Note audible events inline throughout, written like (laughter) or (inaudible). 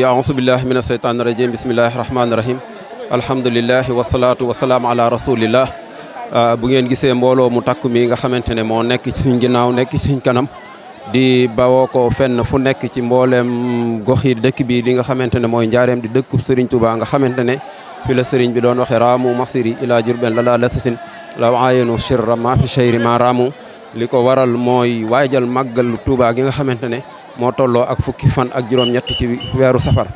aousubillahi min asheytaani irajim bisimillahi rahmaanirahim alhamdulilahi wasalaatu wasalaam ala rasulillah ah, bu ngeen gisee mbooloo mu takk mi nga xamante ne moo nekk ci suñ ginnaaw nekk ci suñ kanam di bawo ko fenn fu nekk ci mbooleem gox yi dëkk bi di nga xamante ne mooy njaareem di dëkkub Serigne Touba nga xamante ne fi sëriñ bi doon waxe raamu masiri ila jurben lala latasin law aayenu shirra ma fi shayri ma raamu li ko waral moo waajal màggal Touba gi nga xamante ne moo tolloo ak fukki fan ak juróom-ñett ci weeru safar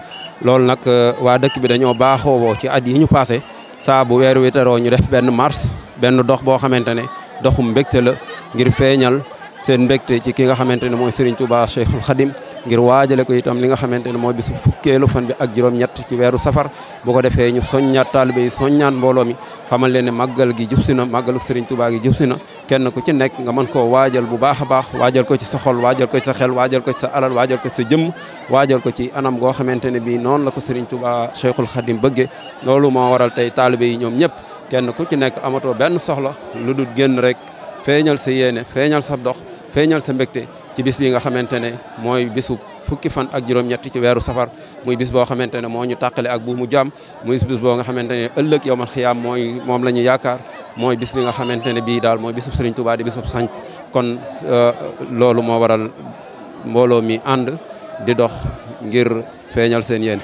loolu nag euh, waa dëkk bi dañoo baaxoo woo ci at yi ñu passé saabu weeru weer ñu def benn mars benn dox boo xamante ne doxum mbégte la ngir feeñal seen mbégte ci ki nga xamante ne mooy Serigne Touba Cheikhul Khadim ngir waajale ko itam li nga xamante ne mooy bisu fukkeelu fan bi ak juróom-ñett ci weeru safar bu ko defee ñu soññaat taalibe yi soññaat mbooloo mi xamal leen ne màggal gi jub si na màggalu Serigne Touba gi jub si kenn ku ci nekk nga mën koo waajal bu baax a baax waajal ko ci sa xol waajal ko sa xel waajal ko ci alal waajal ko sa jëmm waajal ko ci anam goo xamante ne bii noonu la ko Serigne Touba Cheikhul Khadim bëggee loolu moo waral tey taalibe yi ñoom ñëpp kenn ku ci nekk amatoo benn soxla lu dul génn rek feeñal sa yéene feeñal sa dox feeñal sa mbégte ci bis bi nga xamante ne mooy bisu fukki fan ak juróom-ñetti ci weeru safar muy bis boo xamante ne moo ñu tàqale ak bu mu jaam muy bis boo nga xamante ne ëllëg yowmal xiyaam mooy moom la ñu yaakaar mooy bis bi nga xamante ne bii daal mooy bisub Sëriñ Tuubaa di bisub sanc kon euh, loolu moo waral mbooloo mi ànd di dox ngir feeñal seen yéen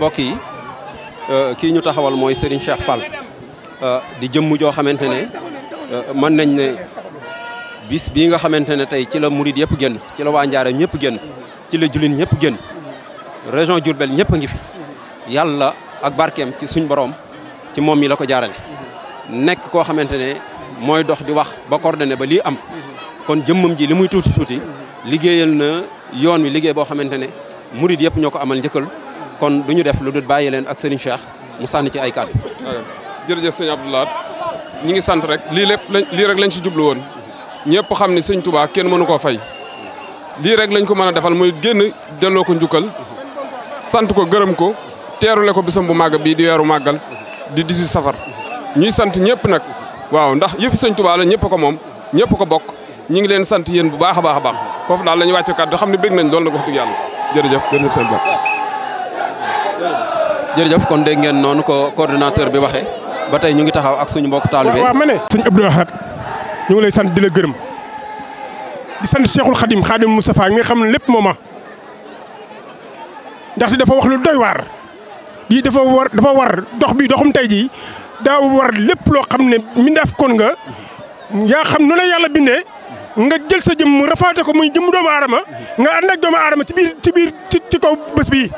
mbokk yi euh, kii ñu taxawal mooy Serigne Cheikh Fall euh, di jëmm joo xamante ne euh, mën nañ ne bis bii nga xamante ne tey ci la murid yëpp génn ci la waa Njaareem ñëpp génn ci la julin ñëpp génn région Diourbel ñëpp a ngi fi yàlla ak barkeem ci suñ borom ci moom mi la ko jaarale nekk koo xamante ne mooy dox di wax ba coordonné ba lii am kon jëmmam ji li muy tuuti tuuti liggéeyal na yoon wi liggéey boo xamante ne murid yëpp ñoo ko amal njëkkal kon du ñu def lu dul bàyyi leen ak Serigne Cheikh mu sànni ci ay kàddu. jërëjëf sëñ Abdou Lahad ñi ngi sant rek lii lépp lii rek lañ ci jublu woon ñëpp xam ni sëñ Touba kenn mënu koo fay lii rek lañ ko mën a defal mooy génn delloo ko njukkal sant ko gërëm ko teerule ko bisam bu màgg bii di weeru màggal di 18 safar ñuy sant ñëpp nag waaw ndax yëfi sëñ Touba la ñëpp ko moom ñëpp ko bokk ñi ngi leen sant yéen bu baax a baax a baax foofu daal la wàcce wàcce kàddu xam ne bég nañ loolu nag wax dëgg yàlla jërëjëf jërëjëf sëñ Ba jërëjëf kon de ngeen noonu ko coordinateur bi waxee ba tey ñu ngi taxaw ak suñu mbokk taalibe waaw ma ne suñu Abdou Ahad ñu ngi lay sant di la gërëm di sant Cheikhul Khadim Khadim Moustapha nga xam ne lépp mooma ndaxte dafa wax lu doy lii dafa war dafa war dox doxum tey jii daa war lépp loo xam ne mindaaf kon nga yaa xam nu la yàlla bindee nga jël sa jëmm mu rafaate ko mu jëm doomu aadama nga ànd ak doomu aadama ci biir ci biir ci kaw bës bi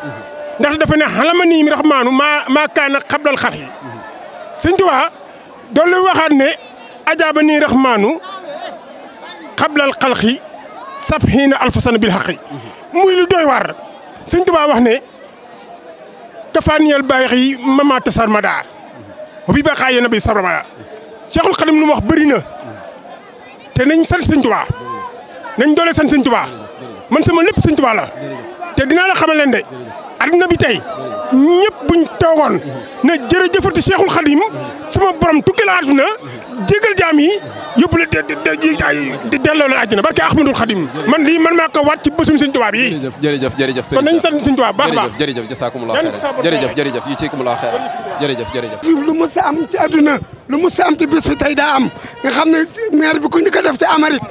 ndax dafa ne xalama nii rahmaanu maa maa kaana xablal xar yi sëñ Tuubaa doon lu waxaat ne ajaaba nii rahmaanu xablal xalxi sab xiina alfasan bil xaqi muy lu doy waar sëñ Tuubaa wax ne kafaaniyal baayax yi mama tasar mada bi ba xaayee na bi sabra mada Cheikhul Xadim lu wax bëri na te nañ sant sëñ Tuubaa nañ doole sant sëñ Tuubaa man sama lépp sëñ Tuubaa la te dinaa la xamal de adduna bi tey ñëpp buñ toogoon ne jërëjëfati Cheikhul Khadim sama borom tukki la adduna jégal jaam yi yóbbu la de delloo la àjjana barke Ahmadul Khadim man lii man maa ko waat ci bésum sëñ tubaab yi. jërëjëf jërëjëf kon nañu sant sëñ tubaab baax baax jërëjëf jërëjëf jërëjëf jëf yi ciikumulaa xeer jërëjëf jërëjëf lu mës a am ci aduna lu mës si am ci bés bi tey daa am nga xam ne maire bi ku njëkk def ci Amérique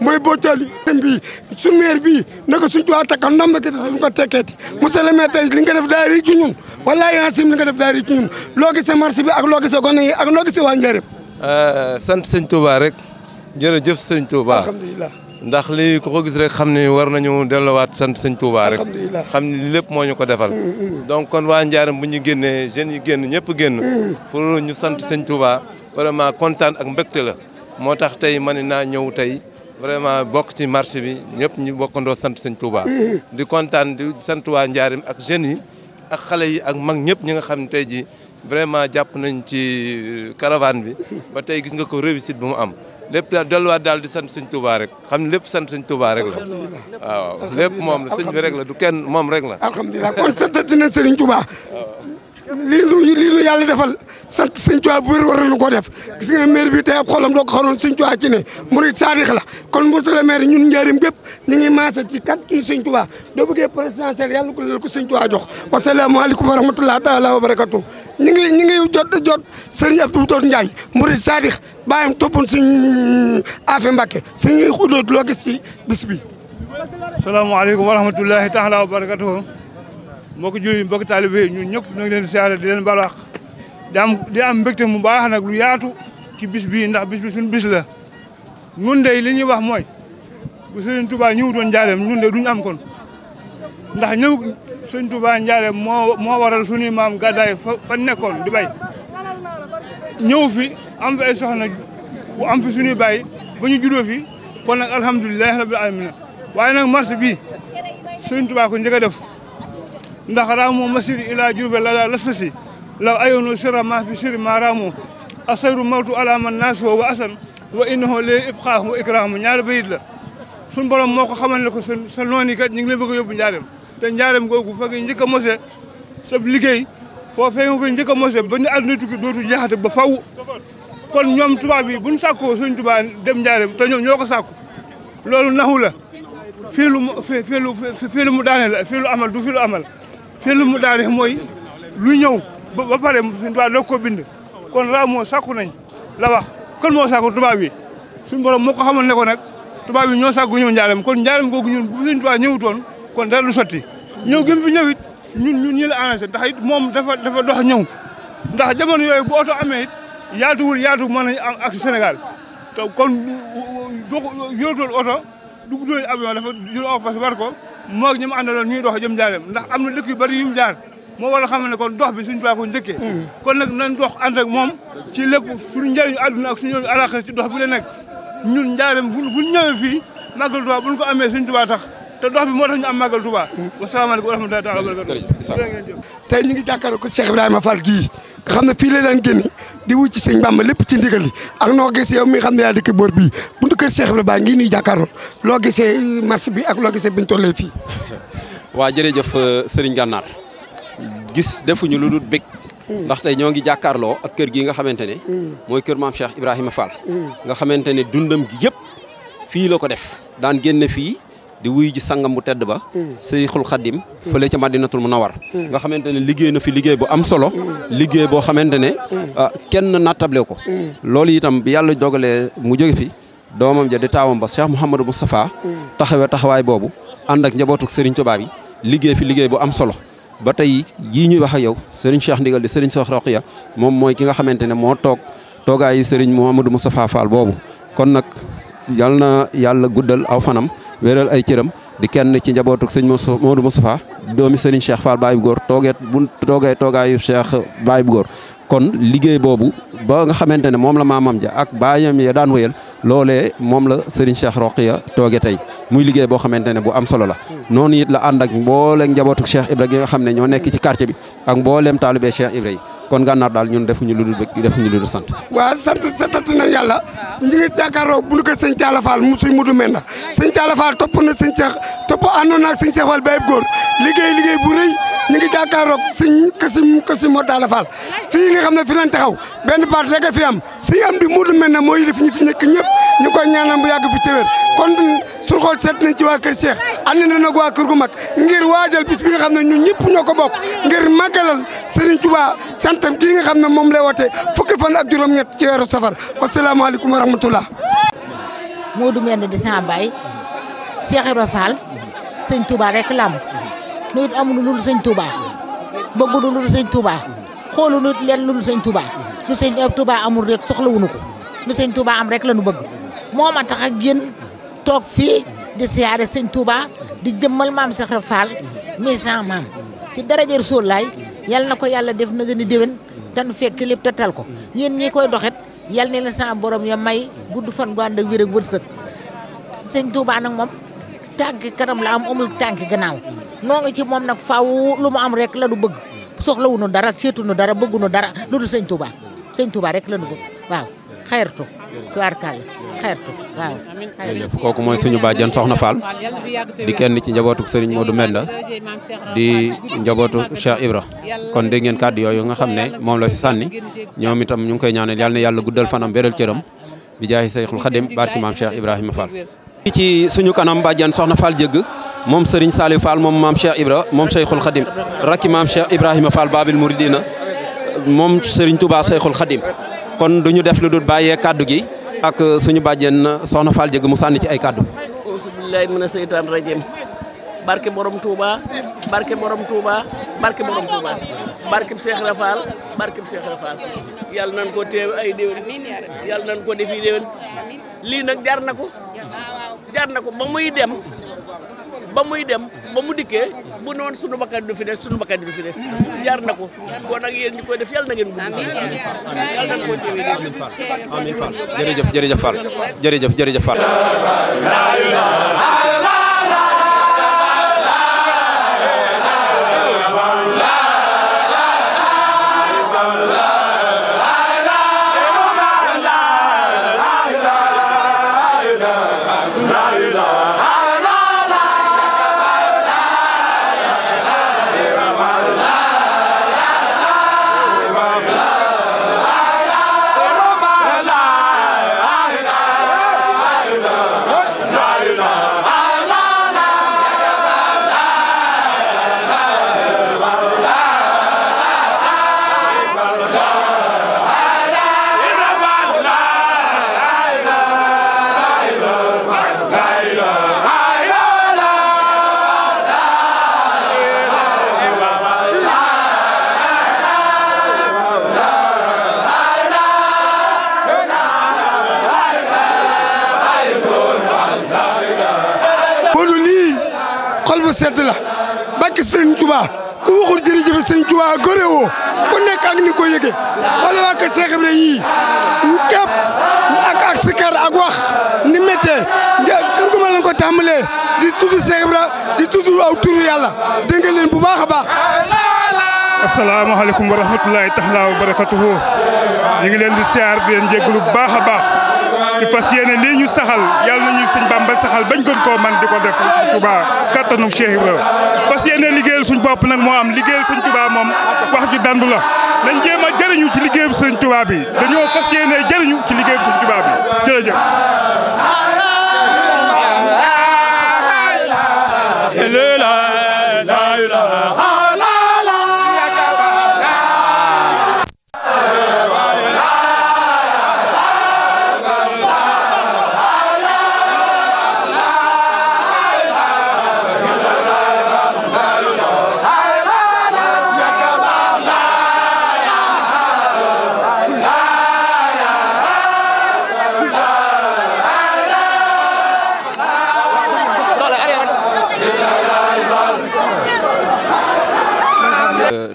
mooy boccali bi suñ maire bi naka suñ tuwaa takkal ndam ki tax duñ ko tekkeeti monsieur le maire tey li def daa rii ci ñun wallaahi asim li def daa rii ci ñun loo gisee marché bi ak loo gisee gone yi ak loo gisee waa Njaaréem euh, sant sëñ Touba rek jërëjëf sëñ Touba alhamdulilah ndax lii ku ko gis rek xam ne war nañu delluwaat sant sëñ Touba rek xam ne lépp moo ñu ko defal mm, mm. donc kon waa Njaaréem bu ñu génnee jeunes yi génn ñëpp génn mm. pour ñu sant sëñ Touba vraiment kontaan ak mbégte la moo tax tey ma ne naa ñëw tey vraiment bokk ci marché bi ñëpp ñu bokkandoo sant sëñ Touba. di kontaan di sant waa Njaarim ak jeunes yi ak xale yi ak mag ñëpp ñi nga xam ne tey jii vraiment jàpp nañ ci euh, caravane bi ba tey gis nga ko réussite bu mu am lépp daal delluwaat daal di sant sëñ Touba rek xam lépp sant sëñ Touba rek la. waaw lépp moom la sëñ bi rek la du kenn moom rek la. alhamdulilah kon sant na Serigne lii lu lii lu yàlla defal sant sëñ Tuubaa bu wér koo def gis nga maire bi tey ab xolam doo ko xaroon sëñ Tuubaa la kon monsieur le maire ñun njaarim gépp ñu ngi maase ci kat kii sëñ Tuubaa doo bëggee présidentiel yàlla ko lel ko jox wasalaamaaleykum wa rahmatulah taala wa barakatu ñu ngi ñu ngi jot jot sëriñ Abdou Doot Ndiaye murid saadix bàyyam toppoon sëñ Afe Mbàkke sëñ Xudóot loo gis ci bis bi salaamaaleykum wa rahmatulahi taala wa barakatuhu mbokki jullit mbokki taalibe ñun ñëpp ñoo ngi leen di siyaare di leen balaax di am di mu baax nag lu yaatu ci bis bii ndax bis bi suñu bis la nun de li ñuy wax mooy bu Serigne Touba ñëwutoon njaareem ñun du duñu am kon ndax ñëw Serigne Touba njaareem moo waral suñuy maam gàddaay fa fa nekkoon di bay ñëw fi am fi ay soxna bu am fi suñuy bàyyi ba ñu juddoo fi kon nag alhamdulilah waaye nag marché bi Serigne Touba ko njëkk def ndax raamu masiri ila la lala lasta si law ayoonu sira ma fi siri ma raamu asayru mawtu ala man naas wa asan wa innahu lee ibqaa wa ikraamu ñaari bayit la suñ borom moo ko xamal ne ko sa sa kat ñu ngi lay bëgg yóbbu njaarem te njaarem googu fa nga njëkk a mose sa liggéey foofee nga ko njëkk a mose ba ñu àdduna tukki dootu jeexate ba faw kon ñoom tubaab bi buñ sàkkoo suñ tubaab dem njaarem to ñoom ñoo ko sàkku loolu naxu la lu fii lu mu daane fii lu amal du fii fii mu daane mooy lu ñëw ba pare suñu tubaab doog koo bind kon ra moo sàkku nañ la wax kon moo sàkku tubaab yi suñu borom moo ko xamal ne ko nag tubaab yi ñoo sàkku ñëw njaalem kon njaalem googu ñun bu suñu tubaab kon dara du sotti ñëw gi mu fi ñun ñun ñi la arrangé ndax moom dafa dafa dox ñëw ndax jamono yooyu bu oto amee it yaatuwul yaatu mën nañ am ak Sénégal te kon doo yorutoon oto dugutoon avion dafa jël aw fas war moo ñi mu àndaloon ñuy dox jëm jaareem ndax am na dëkk yu bari yu mu jaar moo war a xam ne kon ndox bi suñu ko njëkkee hmm. kon nag nañ dox ànd ak moom ci lépp suñu njëriñu àdduna ak suñu alaxira ci dox bi la nekk ñun njaareem fu ñu ñëwee fii màggal bu buñ ko amee suñ Tuubaa tax te ndox bi moo tax màggal Touba. Mm-hmm. wasalaamaaleykum wa rahmatulah taala wa barakatu. tey ñu ngi jàkkaarloo ko Cheikh Ibrahima Fall gii nga xam ne fii la daan génne di wut ci sëñ Bamba lépp ci ndigal yi ak noo gisee yow mi nga xam ne yaa dëkk bii buntu kër Cheikh Ibrahima Fall ngi nuy jàkkaarloo loo gisee marché bi ak loo gisee biñ tollee fii. (laughs) waa jërëjëf euh, Serigne Gànnaar gis defuñu lu dul bég mm. ndaxte tey ñoo ngi jàkkaarloo ak kër gi nga xamante ne mm. mooy kër maam Cheikh Ibrahima Fall mm. nga xamante ne dundam gi yëpp fii la ko def daan génn fii di wuy ji sangam bu tedd ba mm. Seyxul Xadim mm. fële ca Madinatul war mm. nga xamante ne liggéey na fi liggéey bu am solo liggéey boo xamante ne ah, kenn nattable ko loolu itam bi yàlla dogalee mu jóge fi doomam ja di taawam ba Cheikh Mouhamadou Moustapha taxawe taxawaay boobu ànd ak njabootuk Serigne Touba yi liggéey fi liggéey bu am solo ba tey jii ñuy wax ak yow Serigne Cheikh Ndigal di Serigne Cheikh Roqiya moom mooy ki nga xamante ne moo toog toogaa yi Serigne Mouhamadou Moustapha Fall boobu kon nag na yàlla guddal aw fanam wéral ay cëram di kenn ci njabootu sëñ Modou fa doomi sëriñ Cheikh Fall Baye bu Góor toogee bu toogee toogaayu Cheikh Baye bu Góor kon liggéey boobu ba nga xamante ne moom la maamam ja ak baayam ya daan wéyal loolee moom la Serigne Cheikh ya tooge tey muy liggéey boo xamante ne bu am solo la noonu it la ànd ak mbooleem njabootu Cheikh Ibra gi xam ne ñoo nekk ci quartier bi ak mbooleem taalibee Cheikh Ibra yi kon gànnaar daal ñun def lu lu dul sant. waaw sant sant nañu yàlla ñu ngi jàkkaarloo bu ñu ko sëñ Thiala Fall mu suñ mudu menda sëñ Thiala Fall topp na sëñ Cheikh topp àndoon na ak sëñ Cheikh ñu ngi jàkkaaroog suñ Kassim Kassim Mor Talla Fall fii nga xam ne fi lañ taxaw benn baat rek fi am si am di muudu mel ne mooy yilif ñi fi nekk ñëpp ñu ko ñaanal bu yàgg fi téwér kon sur xool seet nañ ci waa kër Cheikh ànd nañ ak waa kër gu mag ngir waajal bis xam na ñun ñëpp ñoo ko bokk ngir màggalal Serigne santa santam yi nga xam na moom lay wote fukki fan ak juróom-ñett ci weeru safar wasalaamaaleykum wa rahmatullah muudu mel ne di sama baay Cheikh Ibra Fall sëñ nu it amuñu lu dul sëñ Touba bëgguñu lu dul sëñ Touba xooluñu it leen lu dul sëñ Touba lu sëñ Touba amul rek soxlawuñu ko lu sëñ Touba am rek la ñu bëgg moo a tax ak yéen toog fii di siyaare sëñ Touba di jëmmal maam Cheikh Ibra Fall mi sa maam ci daraja Rasulullaay yal na ko yàlla def na déwén te fekk lépp te tal ko yéen ñi koy doxet yal na la sa borom ya may gudd fan gu ànd ak wér ak wërsëg sëñ Touba nag moom tànk kanam la am amul tànk gannaaw noo ngi ci moom nag faaw lu mu am rek la nu bëgg soxlawuñu dara seetuñu dara bëgguñu dara lu dul sëñ Touba sëñ Touba rek la nu bëgg waaw xeertu tubaarkàlla xeertu waaw. kooku mooy suñu bàjjen Soxna Fall di kenn ci njabootu Serigne Modou Mbenda di njabootu Cheikh Ibra kon dégg ngeen kàddu yooyu nga xam ne moom la fi sànni ñoom itam ñu ngi koy ñaanal ne na yàlla guddal fanam beral cëram bi jaay Seyxul Xadim barki maam Cheikh Ibrahima Fall. ci suñu kanam bàjjan soxna Fall Jëgg moom Serigne Saliou Fall moom maam Cheikh Ibra moom Cheikhul Khadim rakki maam Cheikh Ibrahima Fall Babil Mouridina moom sëriñ Touba Cheikhul Khadim kon duñu def lu dul bàyyee kàddu gi ak suñu bàjjen soxna Fall Jëgg mu sànni ci ay kàddu bismillahi mina seytaan rajim barke Borom Touba barke Borom Touba barke Borom Touba barke Cheikh Rafal barke Cheikh Rafal yàlla nañ ko teew ay déwén yàlla nañ ko defi déwén lii nag jar na ko. jaar na ko ba muy dem ba muy dem ba mu dikkee bu noon sunu bakkan du fi des sunu bakkan du fi des jaar na ko kon nag yéen ñu koy def yàlla na ngeen gudd fan yàlla na ko teewee amiin Fall jërëjëf jërëjëf Fall jërëjëf jërëjëf bu sedd la bàkki Sëriñ Tuubaa ku waxul jërëjëf Sëriñ Tuubaa ku nekk ak ni ko yëgee xoolal waa kër Cheikh Ibrahima asalaamaaleykum wa rahmatulahi taala wa barakatuhu ñu ngi leen di siyaar di leen jégalu bu baax a baax di fas yéene lii ñu saxal yàlla nañu suñ bàmba saxal bañ gën koo man di ko def suñ Tuuba kattanu Cheikh Ibrahima fas yéene liggéeyal suñ bopp nag moo am liggéeyal suñ Tuuba moom wax ji dandu la nañ jéem a jëriñu ci liggéeyu suñ Tuuba bi dañoo fas yéene jëriñu ci liggéeyu suñ Tuuba bi jërëjëf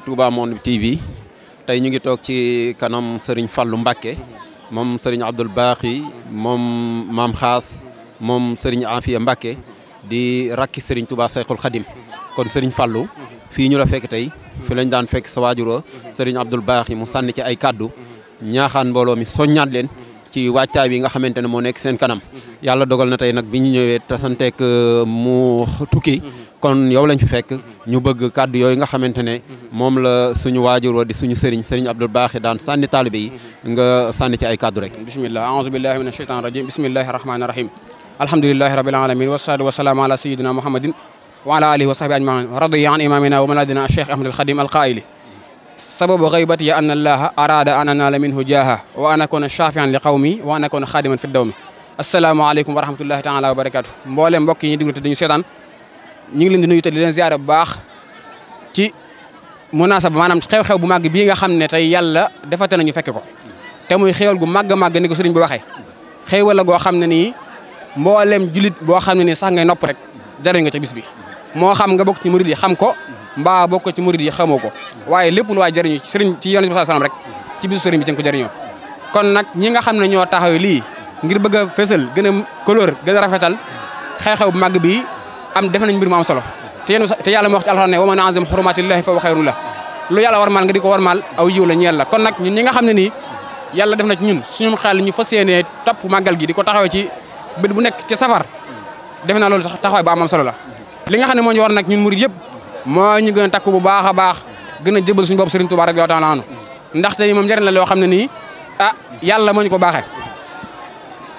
Touba Monde TV tey ñu ngi toog ci kanam Serigne fallu Mbacké moom Serigne Abdoul Baqi moom Maam Xaas moom Serigne Afia Mbacké di rakki Serigne Touba Sayxul Xadim kon Serigne Fallou fii ñu la fekk tey fi lañ daan fekk sa waajuroo Serigne Abdoul Baqi mu sànni ci ay kàddu ñaaxaan mbooloo mi soññaat leen ci wàccaay bi nga xamante ne moo nekk seen kanam yàlla dogal na tey nag bi ñu ñëwee tasanteek euh, mu tukki mm-hmm. kon yow lañ fi fekk ñu bëgg kaddu yooyu nga xamante ne mm-hmm. moom la suñu waajur wa di suñu sëriñ sëriñ Abdou Baaxi daan sànni taalibe yi mm-hmm. nga sànni ci ay kàddu rek bismillah aouzu billahi min asheytan rajim bismillahi rahmani rahim alhamdulilahi rabbil alamin wasalaatu wasalaamu ala sayidina muhammadin wa ala alihi wa sahbi ajmain radiya an imamina wa maladina cheikh ahmad alxadim alqaili sababu gaybati ya anna allaha arada an anala minhu jaaha wa an akuna shafian li qawmi wa an akuna xaadiman fi dawmi asalaamaaleykum wa rahmatullahi taala wa barakaatu mboolem mbokk yi ñuy déglu te dañu seetaan ñu ngi leen di nuyu te di leen ziare bu baax ci munaasaba maanaam xew-xew bu màgg bii nga xam ne tey yàlla defate ñu fekke ko te muy xéewal gu màgg màgg ni ko sëriñ bi waxee xéewal la goo xam ne nii mboolem julit boo xam ne nii sax ngay nopp rek jariñ nga ca bis bi moo xam nga bokk ci murid yi xam ko mbaa bokk ci murid yi xamoo ko waaye lépp lu jariñ jëriñu sëriñ ci yonent bi sallallahu alayhi rek ci bisu sëriñ ko jëriñoo kon nag ñi nga xam ne ñoo taxaw lii ngir bëgg a fësal gën a couleur gën a rafetal xew-xew bu màgg bii am def nañ mbir mu am solo te yéen te yàlla moo wax ci alxuraan ne wa man azim xurumatillahi fa wa xayrun la lu yàlla war maal nga di ko war mal aw yiw la ñeel la kon nag ñun ñi nga xam ne nii yàlla def na ci ñun suñu xel ñu fas yéenee topp màggal gi di ko taxawee ci bët bu nekk ci safar defe naa loolu taxawaay bu am am solo la li nga xam ne moo war nag ñun murid yëpp moo ñu gën a takku bu baax a baax gën a jëbal suñu bopp Sëriñ Tuubaa rek yow taala anu ndaxte moom njëriñ la loo xam ne nii ah yàlla moo ñu ko baaxee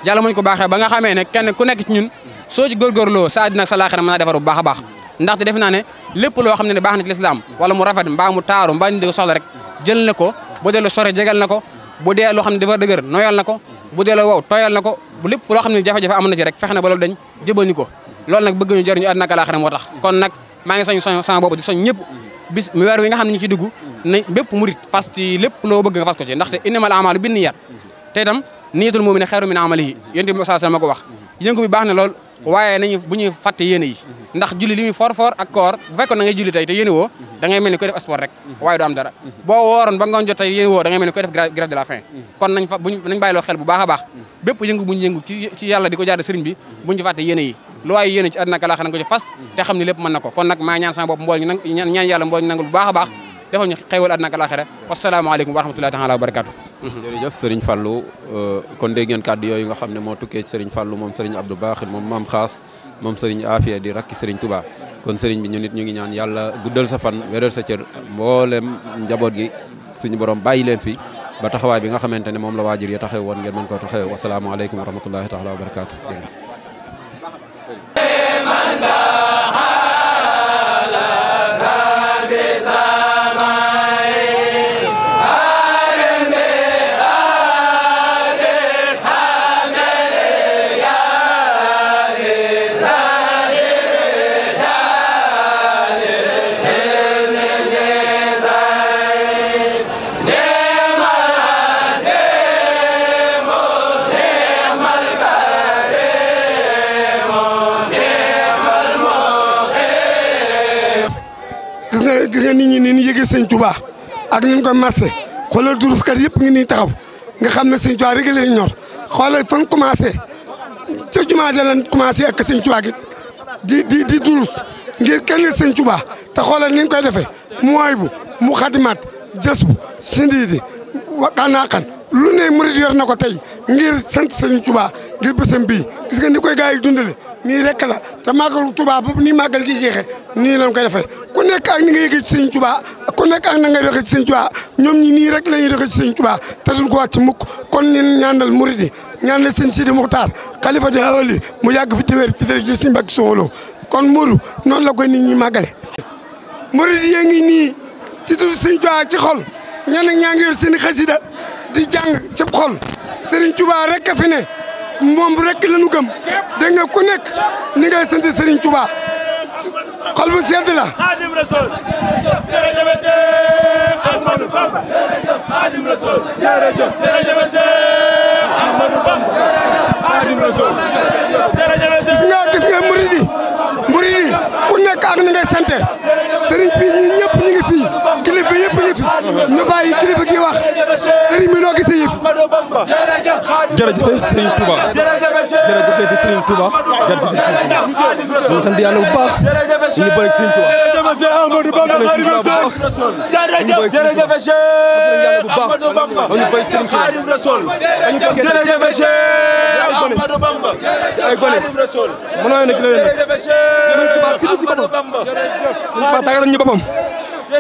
yàlla muñ ko baaxee ba nga xamee ne kenn ku nekk ci ñun soo ci góorgóorloo sa àddina ak sa laaxira mën naa defaru bu baax baax ndaxte def naa ne lépp loo xam ne ne baax na ci lislaam wala mu rafet mbaa mu taaru mbaa ñu di ko soxla rek jël na ko bu dee lu sore jegal na ko bu dee loo xam ne dafa dëgër noyal na ko bu dee lu wow tooyal na ko bu lépp loo xam ne jafe-jafe am na ci rek fexe na ba loolu dañ jëbal ñu ko loolu nag bëgg ñu jëriñu àddina ak laaxira moo kon nag maa ngi soñ soñ sama boobu di soñ ñëpp bis mu weer wi ne ñu ci dugg na bépp murit fas lépp loo bëgg nga ko ci ndaxte innamal a'maalu binniyaat te itam niyatul mu'mini xayru min amalihi yonent bi saa ma ko wax yëngu bi baax na lool waaye nañu bu ñuy fàtte yéene ndax julli li muy for for ak bu fekkoon da julli tey te yéene woo da mel ni koy def sport rek waaye du am dara boo wooroon ba ngoon jot tey yéene woo da mel ni koy def grève de la faim kon nañ fa buñ xel bu baax a baax bépp yëngu buñ yëngu ci yàlla di ko jaare sëriñ bi buñ ci fàtte yéene lu waaye yéene a baax Mm-hmm. jërëjëf Serigne Fallou euh, kon dégg ngeen kàddu yooyu nga xam ne moo tukkee ci Serigne Fallou moom Serigne Abdou Bakhin moom maam xaas moom Serigne Afia di rakki Serigne Touba kon Serigne bi ñu nit ñu ngi ñaan yàlla guddal sa fan wéral sa cër mboolem njaboot gi suñu borom bàyyi leen fi ba taxawaay bi nga xamante ne moom la waajur ya taxe woon ngeen mën ko taxawee wasalaamualeykum wa rahmatullahi taala wa barakaatu. nga nit ñi ni yëgee sëñ Touba ak ñu koy marché xoolal duruskat yëpp ngi nii taxaw nga xam ne sëñ Touba rek lañ ñor xoolal fan commencé ca jumaa ja lañ commencé ak sëñ Touba gi di di di durus ngir kenn sëñ Touba te xoolal ni ñu koy defee mooy bu mu xadimaat jës bu sindi di wa kanaaxan lu ne murid yor na ko tey ngir sant Serigne Touba ngir bésam bii gis nga ni koy gars yi dundale nii rek la te màggalu Touba boobu nii màggal gi jeexee nii lañ koy defee ku nekk ak ni nga yëgee ci Serigne Touba ku nekk ak na ngay doxee ci Serigne Touba ñoom ñi nii rek la ñuy doxee ci Serigne Touba te ko wàcc mukk kon ñun ñaanal murid yi ñaanal Serigne Sidi Muxtaar xalifa di awali mu yàgg fi téwéer ci dara ci Serigne Mbacké Soxolo kon Mourou noonu la koy nit ñi màggale murid yi ngi nii ci tudd Serigne Touba ci xol ñenn ñaa ngi yor di jàng ci xol Serigne Touba rek fi ne moom rek la ñu nga ku nekk ni ngay sant Serigne Touba xol bu sedd la. Xaadim nga gis nga murid yi ku nekk ak ni ngay sante Serigne bi ñun ñëpp kilifa yëpp ñu fi ñu bàyyi kilifa gi wax sëriñ bi noo gisee yëpp. jërëjëf sëriñ Touba jërëjëf sëriñ Touba jërëjëf ñu sant yàlla bu baax ñu bëri sëriñ Touba. jërëjëf Amadou Bamba Xaadimu Rasuul jërëjëf jërëjëf Cheikh Amadou Bamba Xaadimu Rasuul jërëjëf Cheikh Amadou Bamba Xaadimu Rasuul mënoo yéen a kii la yéen a. jërëjëf Cheikh Amadou Bamba. ñu ko tàggal ñu boppam.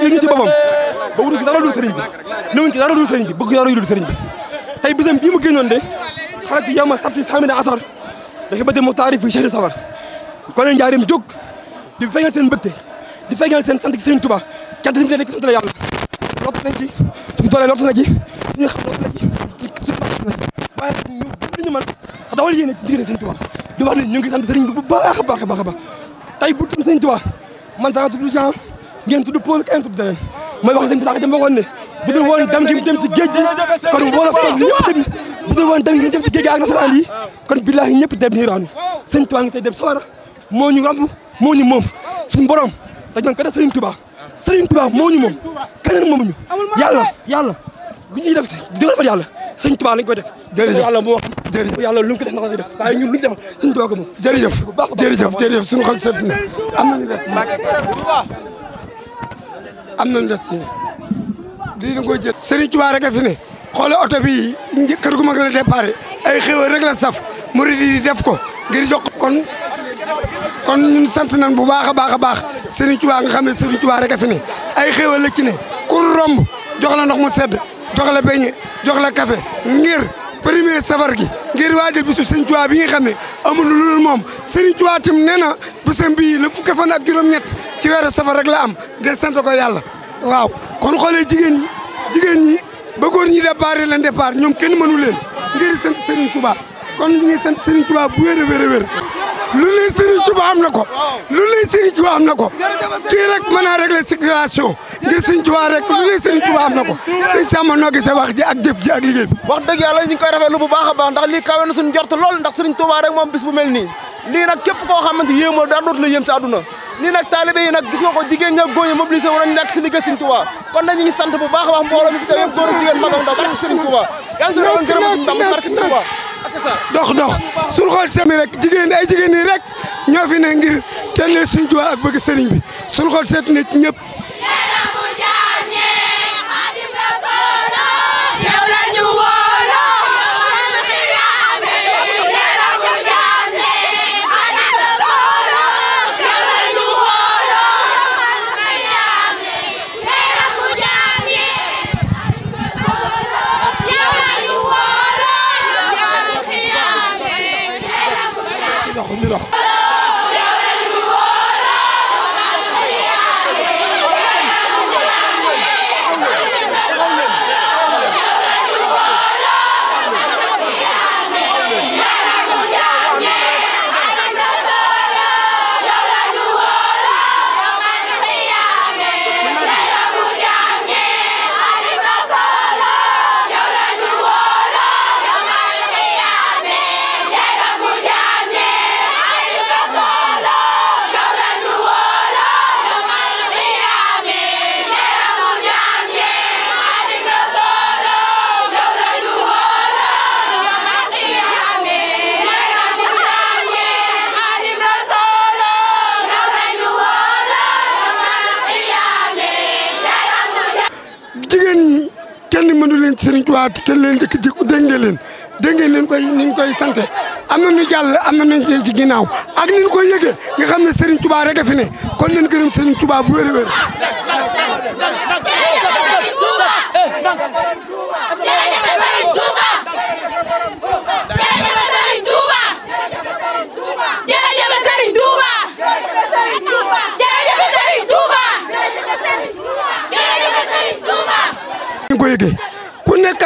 yëngu ci boppam ba wutu ci dara dul bi néewuñ ci dara dul sëriñ bi bëgg dara dul sëriñ bi tey mu génnoon de xaratu yow ma sabti samina asar dafa bëtte mu taarif fi safar ko njaarim jóg di feeñal seen bëtte di feeñal seen sant ci sëriñ Tuubaa cant limu te nekk sant la yàlla lott nañ ci suñu doole lott na ci na ci suñu baax di wax ñu ngi sant sëriñ bi bu baax a baax a baax a baax tey bu tudd sëriñ man saxatu du genre ngeen tudd Paul kenn tudd deneen mooy wax seen bisaaka jëm waxoon ne budul woon dem gi mu dem ci géej gi kon wolof kon ñëpp dem budul woon dem gi mu dem ci géej gi ak nasaraan yi kon billaahi ñëpp dem nii raanu sëñ Tuubaa ngi tey dem sawara moo ñu ràmb moo ñu moom suñu borom te ñoon kat Sëriñ Tuubaa Sëriñ Tuubaa moo ñu moom keneen moomuñu yàlla yàlla lu ñuy def di defal yàlla sëñ Tuubaa lañ koy def jërëjëf yàlla moo xam jërëjëf yàlla lu ñu ko def na ko def waaye ñun lu ñu def sëñ Tuubaa ko moom jërëjëf jërëjëf jërëjëf suñu xol sedd na am na am nañ des ci lii da nga koy jël. Serigne Touba rek fi ne xoolee oto bii kër gu mag la déparé ay xéwal rek la saf murid yi def ko ngir jox kon kon ñun sant nañ bu baax a baax a baax Serigne Touba nga xam ne Serigne Touba rek a fi ne ay xéwal la ci ne ku romb jox la ndox mu sedd jox la beñe jox la kafe ngir. premier safar gi ngir waajal bisu sëñ Tuubaa bi nga xam ne amul lu moom sëñ Tuubaa tam nee na bisam bii la fukki fan ak juróom-ñett ci weeru safar rek la am de sant ko yàlla waaw kon xoolee jigéen ñi jigéen ñi ba góor ñi départ leen départ ñoom kenn mënu leen ngir sant seen Tuubaa kon ñu ngi sant Serigne Touba bu wér a wér lu lay Serigne Touba am na ko lu lay Serigne Touba am na ko kii rek mën naa régler circulation ngir Serigne Touba rek lu lay Serigne Touba am na ko sëñ Samba noo gisee wax ji ak jëf ji ak liggéey bi wax dëgg yàlla ñu ngi koy rafetlu bu baax a ndax lii kawe na suñu njort lool ndax Serigne Touba rek moom bis bu lii nag képp koo xamante yéemoo dara dootu la yéem si àdduna lii nag taalibe yi nag gis nga ko jigéen ña góor ñi mobilisé wu nañ nekk si kon nag ñu ngi bu baax a baax fi teew dox dox suñu xool seen rek jigéen ay jigéen ñi rek ñoo ne ngir kenn leen suñu juwaa ak bëgg sëriñ bi suñu xool seet nit ñëpp waaw kenn leen njëkk ji leen dégg leen koy ni ñu koy sante am na ñu jàll am na ñu ci ginnaaw ak ni ñu koy yëgee nga xam ne Serigne Touba rek a fi ne kon leen gërëm Serigne Touba bu wér a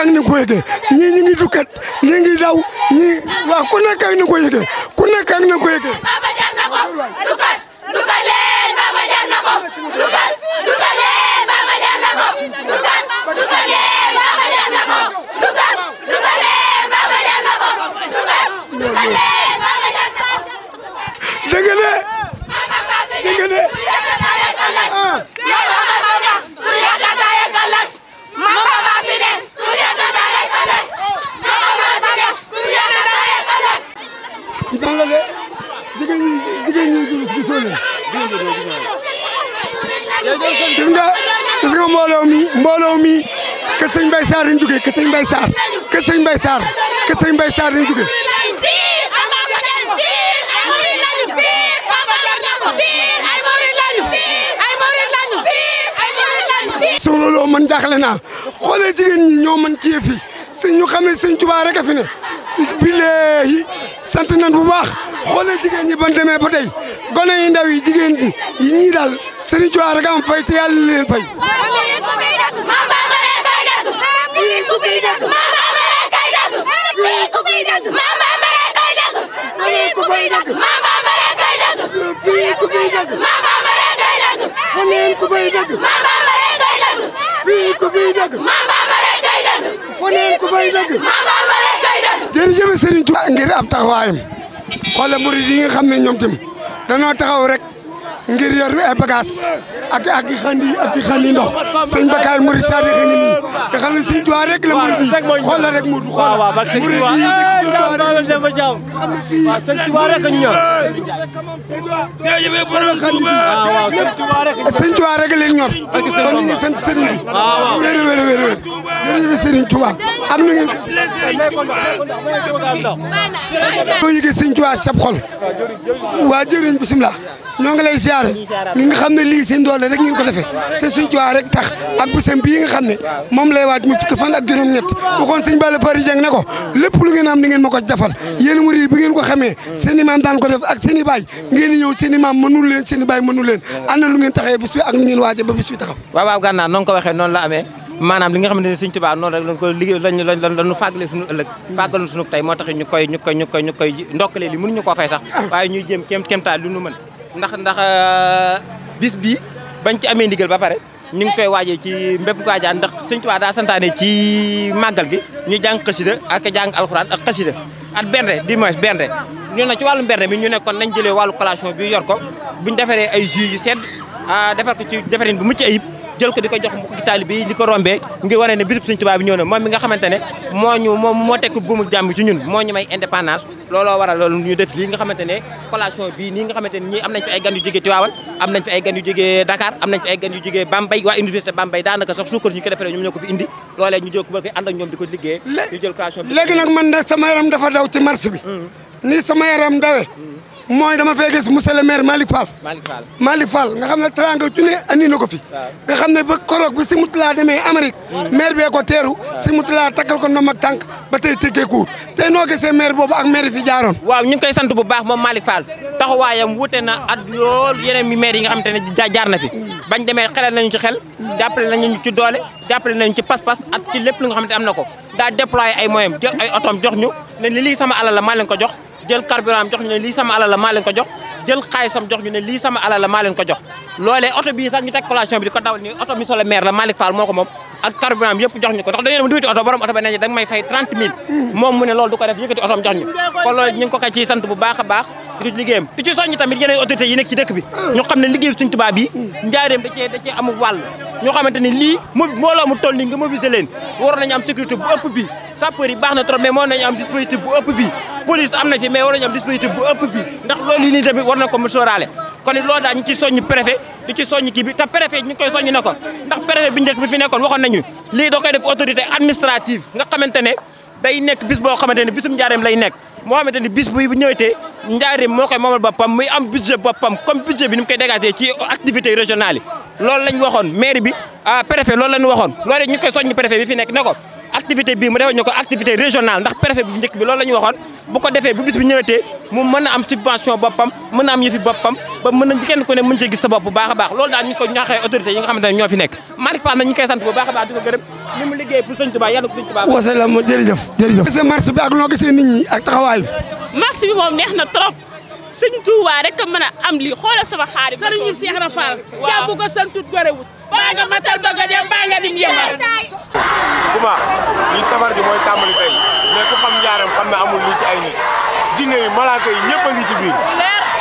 ak ko yëgee ñii ñi ngi dukkat ñii ngi daw ñii waaw ku nekk ak ni ko yëgee ku nekk ak ni ko yëgee Sarr lañ jógee kër sëñ Mbaye Sarr kër sëñ Mbaye Sarr kër sëñ Mbaye Sarr lañ jógee. su loolu man jaaxle naa xoolee man ci fii si ñu xam ne sëñ Tuubaa rek a fi ne si billahi sant nañ bu baax xoolee jigéen ñi ban demee ba tey gone yi ndaw yi jigéen ñi ñii daal sëriñ Tuubaa rek am fay te yàlla fay. ku fi dëgg. maama amare kay dëgg. fii ku fi maama amare kay dëgg. fii ku fi maama amare kay dëgg. fii ku fi maama amare kay dëgg. fii ku fi dëgg. maama ab taxawaayam xoolal murid yi nga xam ne ñoom tim danoo taxaw rek. ngir yor ay bagage ak ak i xandi ak i xandi ndox sëñ Bakay Mouride Sadiq ngi nii nga xam ne suñu tuwaa rek la murid bi xool la rek mu du xool murid bi nekk suñu tuwaa rek nga xam ñor sëñ tuwaa rek leen sab xol waa jëriñ bisimilah ñoo ngi lay siyaare ñi nga xam ne lii seen doole rek ngeen ko defee te suñ cuwaa rek tax nga xam ne moom lay waaj mu fukki fan ak juróom-ñett waxoon sëñ Balla Fari Jeng ne ko lépp lu ngeen am ni ngeen ma ko defal yéen murid bi ngeen ko xamee seen maam daan ko def ak seen i baay ngeen ñëw seen maam mënul leen seen baay mënul leen ana lu ngeen taxee bis bi ak lu ngeen waaje ba bis bi taxaw waaw waaw gànnaaw noonu ko waxee noonu la amee maanaam li nga xamante ne Sëñ Tuubaa noonu rek lañ ko liggéey lañ lañ ndax ndax euh, bis bi bañ ci amee ndigal ba pare ñu ngi koy waajee ci mbépp waajaan ndax Sëñ Tuubaa daa santaane ci màggal gi ñu jàng xasida ak jàng alxuraan ak xasida at bernde du moins bernde ñu ne ci wàllu bernde mi ñu ne kon nañ jëlee wàllu collation bi yor ko buñ defaree ay jus yu sedd ah, defar ko ci defarin bu mucc ayib jël ko di ko jox mbokki taalibe yi di ko rombee ngir wane ne bisub Sëriñ Tuubaa bi ñëw moom mi nga xamante ne moo ñu moom moo tekk buumu jàmm ci ñun moo may indépendance looloo waral loolu ñu def lii nga xamante ne collation bii nii nga xamante ne ñii am gan yu jógee Tivaouane am nañ fi ay gan yu jógee Dakar am nañ fi ay gan yu jógee Bambey waa université Bambey daanaka sax suukar ñu ko defaree ñoom ñoo ko fi indi loolee ñu jël ko ba koy ñoom di ko liggéey léegi nag man de sama yaram dafa daw ci marché bi mm-hmm. nii sama yaram dawee mm-hmm. mooy dama fee gis monsieur le maire Malick Fall. Malick Fall nga xam ne teraanga ju ne andi na ko fi. nga xam ne ba koroog bi si mutulaa demee Amérique. Mm. maire bee ko teeru. si mutulaa takkal ko ndoom ak tànk ba tey tëggee kuur tey noo gisee maire boobu ak maire yi fi jaaroon. waaw ñu ngi koy sant bu baax moom Malick Fall taxawaayam wute na at loolu yeneen mi maire yi nga xamante ne jaar na fi. Mm. bañ demee xelal nañu ci xel. Mm. jàppale nañu ci doole jàppale nañu ci pas-pas ak ci lépp lu nga xamante am na ko daa déployé ay moyens jël ay ñu lii sama alal la maa ko jox jël carburant am jox ñu ne lii sama alal la maa ko jox jël xaalisam jox ñu ne lii sama alal la maa ko jox loolee oto bii sax ñu teg bi di ko dawal ni oto monsieur le ñu mm. ne loolu du ko def yëkkati otoom jox ñu kon loolu ñu ngi ko kay ciy sant baax a baax di ci liggéeyam di ci soññi tamit yeneen autorités yi nekk ci dëkk bi mm. ñu xam ne liggéey suñ tubaab mm. njaareem da cee da cee ñoo xamante ni lii mo mbooloo mu toll nii nga mobiliser leen waroon nañu am sécurité bu ëpp bi sapeur yi baax na trop mais moo nañu am dispositif bu ëpp bi police am na fi mais war nañu am dispositif bu ëpp bi ndax loolu yi nii tamit war na ko mu sóoraale kon loolu daal ñu ci soññ préfet di ci soññ kii bi te préfet ñu ngi koy soññ ne ko ndax préfet bi njëkk bi fi nekkoon waxoon nañu lii da koy def autorité administrative nga xamante ne day nekk bis boo xamante ne bisum njaareem lay nekk moo xamante ni bis bu ñëwetee njaareem moo koy moomal boppam muy am budget boppam comme budget bi ni mu koy dégagé ci activité régionales yi loolu lañ waxoon mairie bi ah préfet loolu lañ waxoon loolu ñu koy soññ préfet bi fi nekk ne ko activité bii mu defee ñu ko activité régionale ndax préfet bi njëkk bi loolu la ñu bu ko defee bu bis ñëwetee mu mën a am subvention boppam mën am yëfi boppam ba mën a kenn ku ne mën cee gis sa bopp bu baax a baax loolu daal ñu ko ñaaxee autorité yi nga xamante ne nekk Malick Fall na ñu koy sant bu baax baax di ko gërëm mu liggéey pour Sëñ Tuubaa yàlla ko Sëñ Tuubaa bi ak noo gisee nit ñi ak taxawaay baa nga matal bëgg a dem baa nga dim yëngal Coumba lii sabar gi mooy tàmbali tey mais ku xam njaaram xam ne amul lii ci ay nit jinne yi malaaka yi ñëpp a ngi ci biir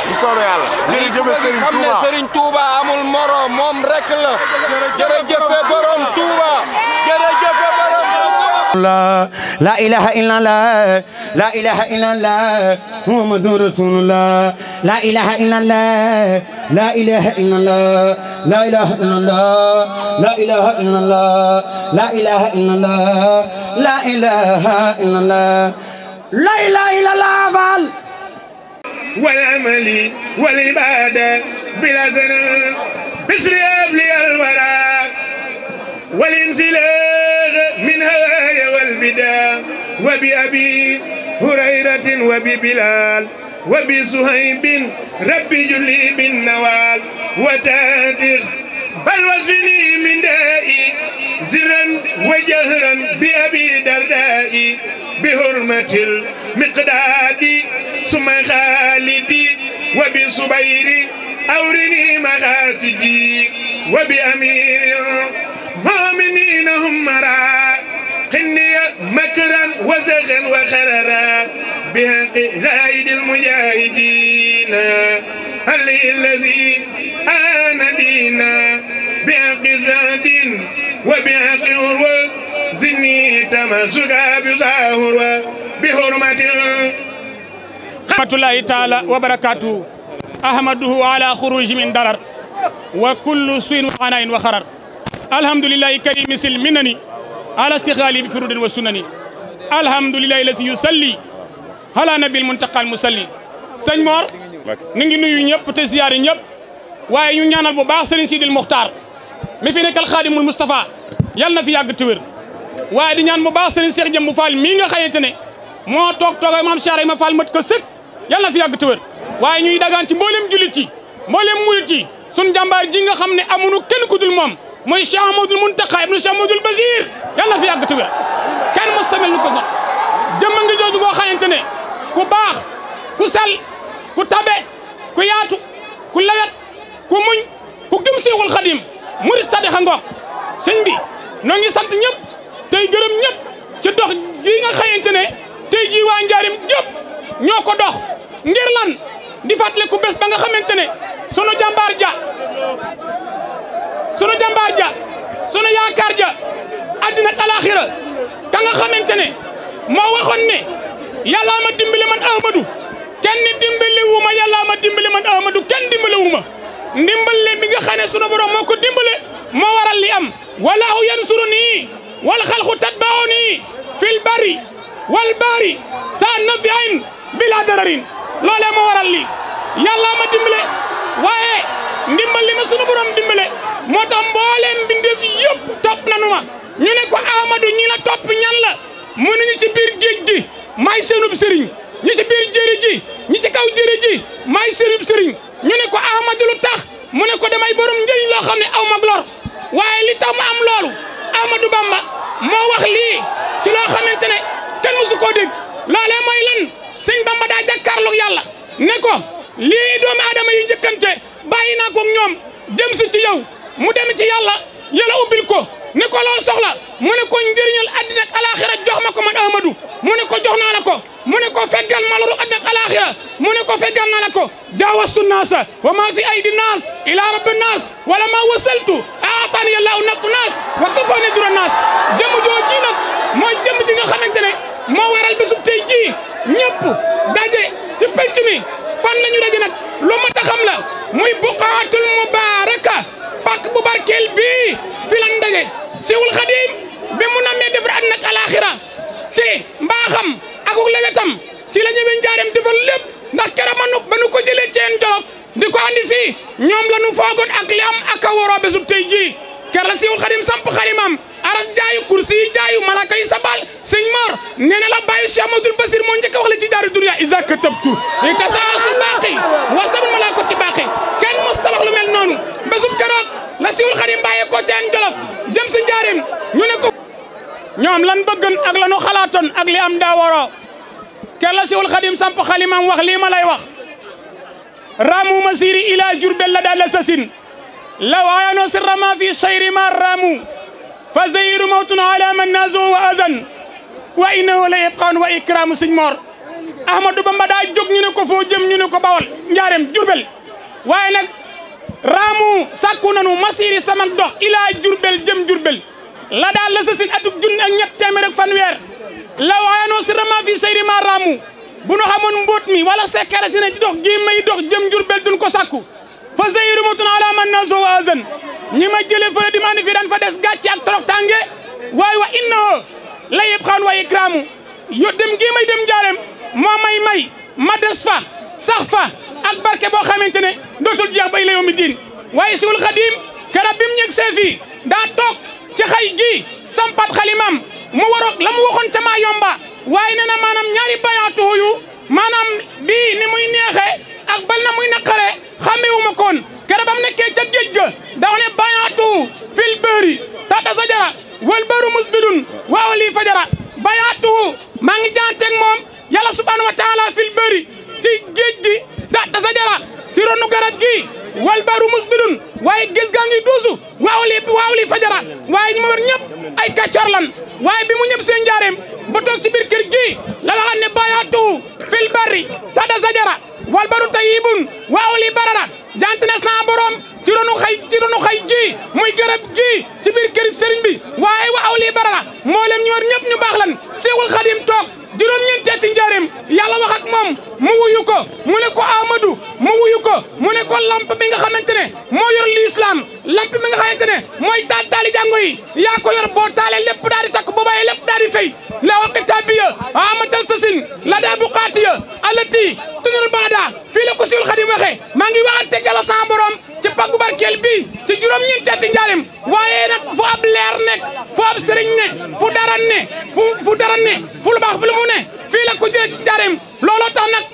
bu soobee yàlla jërëjëf Serigne Touba xam ne Serigne Touba amul moroom moom rek la jërëjëf borom Touba الله لا إله إلا الله لا إله إلا الله محمد رسول الله لا إله إلا الله لا إله إلا الله لا إله إلا الله لا إله إلا الله لا إله إلا الله لا إله إلا الله لا إله إلا الله والعمل والعبادة بلا زلل بسر أبلي الورى والانزلال بالبدام وبأبي هريرة وببلال وبزهيب رب جلي بالنوال وتادر بل وزني من دائي زرا وجهرا بأبي دردائي بهرمة المقداد ثم خالدي وبصبيري أورني مغاسدي وبأمير المؤمنين هم مرائي حني مكرا وزغا وخررا بحق زايد المجاهدين هل الذي آن بنا بحق زاد وبحق عروة زني تمسكا بظاهر بحرمة رحمة الله تعالى وبركاته أحمده على خروج من درر وكل سين وعناء وخرر الحمد لله كريم سلمنني ala istixaali bi furudin wa sunani alhamdulillahi la si yu salli ala nabil muntaqal musalli sëñ Mor ni ngi nuyu ñëpp te ziyaari ñëpp waaye ñu ñaanal bu baax sëriñ Sidil Muxtaar mi fi nekkal xaadimul Moustapha yal na fi yàgg te wér waaye di ñaan bu baax sëriñ Cheikh Jëmbu Fall mii nga xayante ne moo toog toogay maam Cheikh ma Fall mat ko sëkk yal na fi yàgg te wér waaye ñuy dagaan ci mboolem jullit ci mboolem murit yi sun jàmbaar ji nga xam ne amuñu kenn ku dul moom muy Cheikh Amadou Mountakha ibnu Cheikh Amadou Basir yàlla fi yàgg tuwér kenn mos tamit lu ko sax jëmma ngi jooju ngoo xamante ne ku baax ku sel ku tabe ku yaatu ku lewet ku muñ ku gëm Seexul Xadim murit sadixa ngoog sëñ bi noo ngi sant ñëpp tey gërëm ñëpp ci dox ji nga xamante ne tey jii waa njaarim ñëpp ñoo ko dox ngir lan di fàttaliku bés ba nga xamante ne sunu jàmbaar ja sunu jàmbaar ja sunu yaakaar ja àddina ak alaxira moo waxoon ne yàllaa ma dimbali man Ahmadou kenn dimbali wu ma yàllaa ma man Ahmadou kenn dimbali wu ma ndimbale nga xam ne moo ko dimbale moo waral li am walaahu yansuru nii wal xalqu tatbaawu nii fil bari wal baari saa nafi bilaa dararin loolee moo waral li yàllaa waaye ndimbal ma sunu borom moo tax mbooleem mbindeef yëpp topp nanu ma ñu ne ko Amadou ñi la topp ñan la mu ne ñu ci biir géej gi ñi ci biir jëri ji ñi ci kaw jëri ji maay seenub sëriñ ñu ne ko Amadou lu tax mu ne ko damay borom njëriñ loo ne aw ma lor waaye li tax mu am loolu Amadou Bamba moo wax lii ci loo xamante ne kenn musu koo dégg loolee mooy lan sëñ Bamba daa jàkkaarloog yàlla ne ko lii doomi aadama yi njëkkante bàyyi naa ko ñoom jëm si ci yow mu dem ci yàlla yàlla ubbil ko ni ko loo soxla mu ne ko njëriñal addina ak jox ma ko man Ahmadou mu ne ko jox naa ko mu ne ko feggal maloru addina ak mu ne ko feggal naa ko jaawastu naasa wa maa fi aydi naas ila rabbi naas wala maa wasaltu aataani yàlla u naqu naas wa kafaani dura naas jëmm joo mooy jëmm ji nga xamante ne moo waral bésub tey jii ñëpp daje ci penc mi fan la ñu daje nag lu a muy buqaatul mubaaraka pàkk bu barkeel bii fi lan ndaje siwul xadim bi mu nammee defar at nag alaxira ci mbaaxam ak lewetam ci la ñëwee njaareem lépp ndax keroog ma nu ceen jolof di ko andi ñoom la nu foogoon ak li am ak a waroo jii ker la siwul xadim samp xalimam aras jaayu kursi jaayu malaka sabal sëñ mor nee la bàyyi Cheikh Amadou Basir moo njëkk a wax la ci daaru dunya isa ka tabtu i tasaasul baaqi wa sabul malako ci baaqi kenn musta lu mel noonu bésub keroog la siwul xadim bàyyee ko ceen jolof jëm si njaarim ñu ne ko ñoom lan bëggan ak lanu xalaatoon ak li am daa waroo ker la siwul xadim samp xalimam wax lii ma wax raamuma siiri ila jurbel la daal la sasin لو عينوا سر ما في الشير ما راموا فالزير موت على من نازوا وأذن وإنه لإبقان وإكرام سيñ Mor Ahmadou Bamba daa jóg ñu ne ko foo jëm ñu ko Bawol Njaareem Jurbel waaye nag raamu sàkku nanu masiiri sama dox ilaa Jurbel jëm Jurbel la daal la sa sin atuk junni ak ñett téeméer ak fanweer si rama fi seyri ma raamu bu nu xamoon mbóot mi wala sekkara si ne dox gii dox jëm Jurbel duñ ko sàkku fa seyru mutun ala man nasu wa azan ñi ma jële fële di maani fii daan fa des gàcce ak torop tànge waaye wa innahu la yëpp xaan wa ikraamu yo dem gii may dem jaarem moo may may ma des fa sax fa ak barke boo xamante ne dootul jeex bay la yawmi diin waaye suul xadim kera bim ñeg see fii daa toog gii sampat xalimam mu waroog la mu waxoon maa yomba waaye nee na maanaam ñaari bayantuhu yu maanaam bii ni muy neexe ak bal na muy naqare xammewu ma koon kere ba mu nekkee ca géej ga dafa ne bayaatu fil bëri tata sajara wal bëru musbidun waaw fajara bayaatu maa ngi janteeg moom yàlla subhaanahu wa taala fil bëri ci géej gi tata sajara ci ronu garab gi wal bëru musbidun waaye gis gaa ngi duusu waaw lii fajara waaye ma war ay kàccor lan waaye bi mu ñëpp seen njaareem ba toog ci la waxoon ne bayaatu fil tata sajara wal baru tayyibun waaw li barara jant na sa borom ci ronu xay ci ronu xay gii muy garab gii ci biir kër sëriñ bi waaye waaw li barara moo leen ñor ñëpp ñu baax lan Seexul Xadim toog juróom-ñeenti ati njaareem yàlla wax moom mu wuyu ko mu ne ko Amadou mu wuyu mu ne ko lamp bi nga xamante ne moo yor lislaam lamp bi nga xamante ne mooy taal taali jàngo yi yaa ko yor boo taalee lépp di takk boo bàyyee lépp di fay la waqita bi ya amatal sasin la daa buqaati ya alati tunir baada fii la ko siul xadim waxe maa ngi waxante gala sama borom ci pàggu barkeel bii ci juróom-ñeenti ati njaarim waaye nag fu ab leer nekk fu ab sëriñ ne fu dara ne fu fu dara ne fu lu baax fu lu mu ne fii la ko jëlee ci njaarim looloo tax nag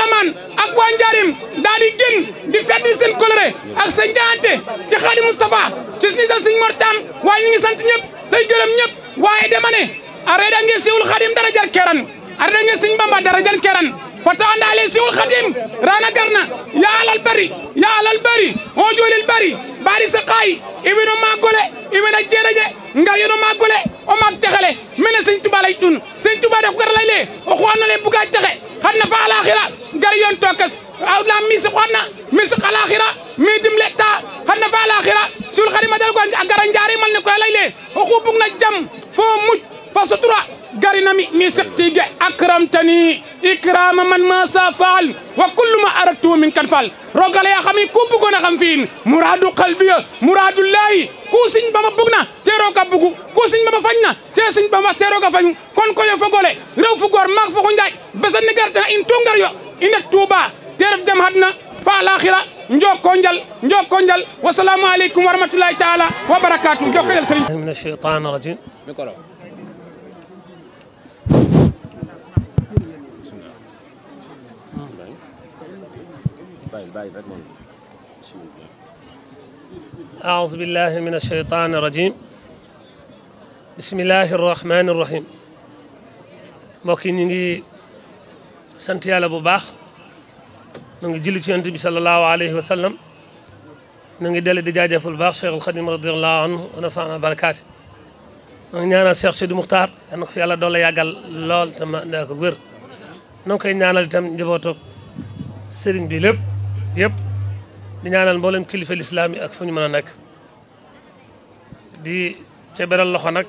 Lamaan ak waa njaarim daal di génn di fedd seen ak sa njaante ci Xaadimu Mustafa ci suñu sa Sëriñ Mor Taam waaye ñu ngi sant ñëpp tey gërëm ñëpp waaye dama ne arrêté ngeen siiwul keran arrêté ngeen Sëriñ Bamba keran فتحنا عليه سوى الخديم رانا قرنا يا على البري يا على البري وجول البري باري سقاي ابن ما قوله ابن جيرجة نغير ما قوله وما تخله من سين تبا لاي دون سين تبا دك كر لاي لي اخوانا لي بوغا تخه خدنا فعل اخره غير يون توكس او لا ميس اخوانا ميس قال اخره مي دم لتا خدنا فعل اخره سول خديم دال كو غار نجاري مال نكو لاي لي اخو بوغنا جام فو مج فسطرا garinami mi settige akramtani ikrama man ma faal wa kullu ma aradtu min kan rogale ya xami ku a xam fiin muradu qalbiya muradu laayi ku siñ bama bugu ku siñ bama fañ na te fañu kon koyo fogole rew fu maak fogo njaay besan ne garta in tungar yo ina tuuba te jam hadna fa alaxira njoko njal njoko njal aleykum wa taala wa barakatu njoko njal sëriñ min أعوذ بالله من الشيطان الرجيم بسم الله الرحمن الرحيم mbokk yi ñu ngi sant yàlla bu baax ñu ngi julli ci yonent bi sallallahu alayhi wa sallam ñu ngi dellu di jaajëfal bu baax Cheikh al Khadim radiyallahu anhu wa nafaana barakaati ñu ngi ñaanal Cheikh Sidi Muxtaar yal na ko fi yàlla doole yàggal lool te ma daa ko wér ñoo ngi koy ñaanal itam njabootu sëriñ bi lépp. yëpp di ñaanal mboolem kilifa lislaam yi ak fu ñu mën a nekk di ca beral loxo nag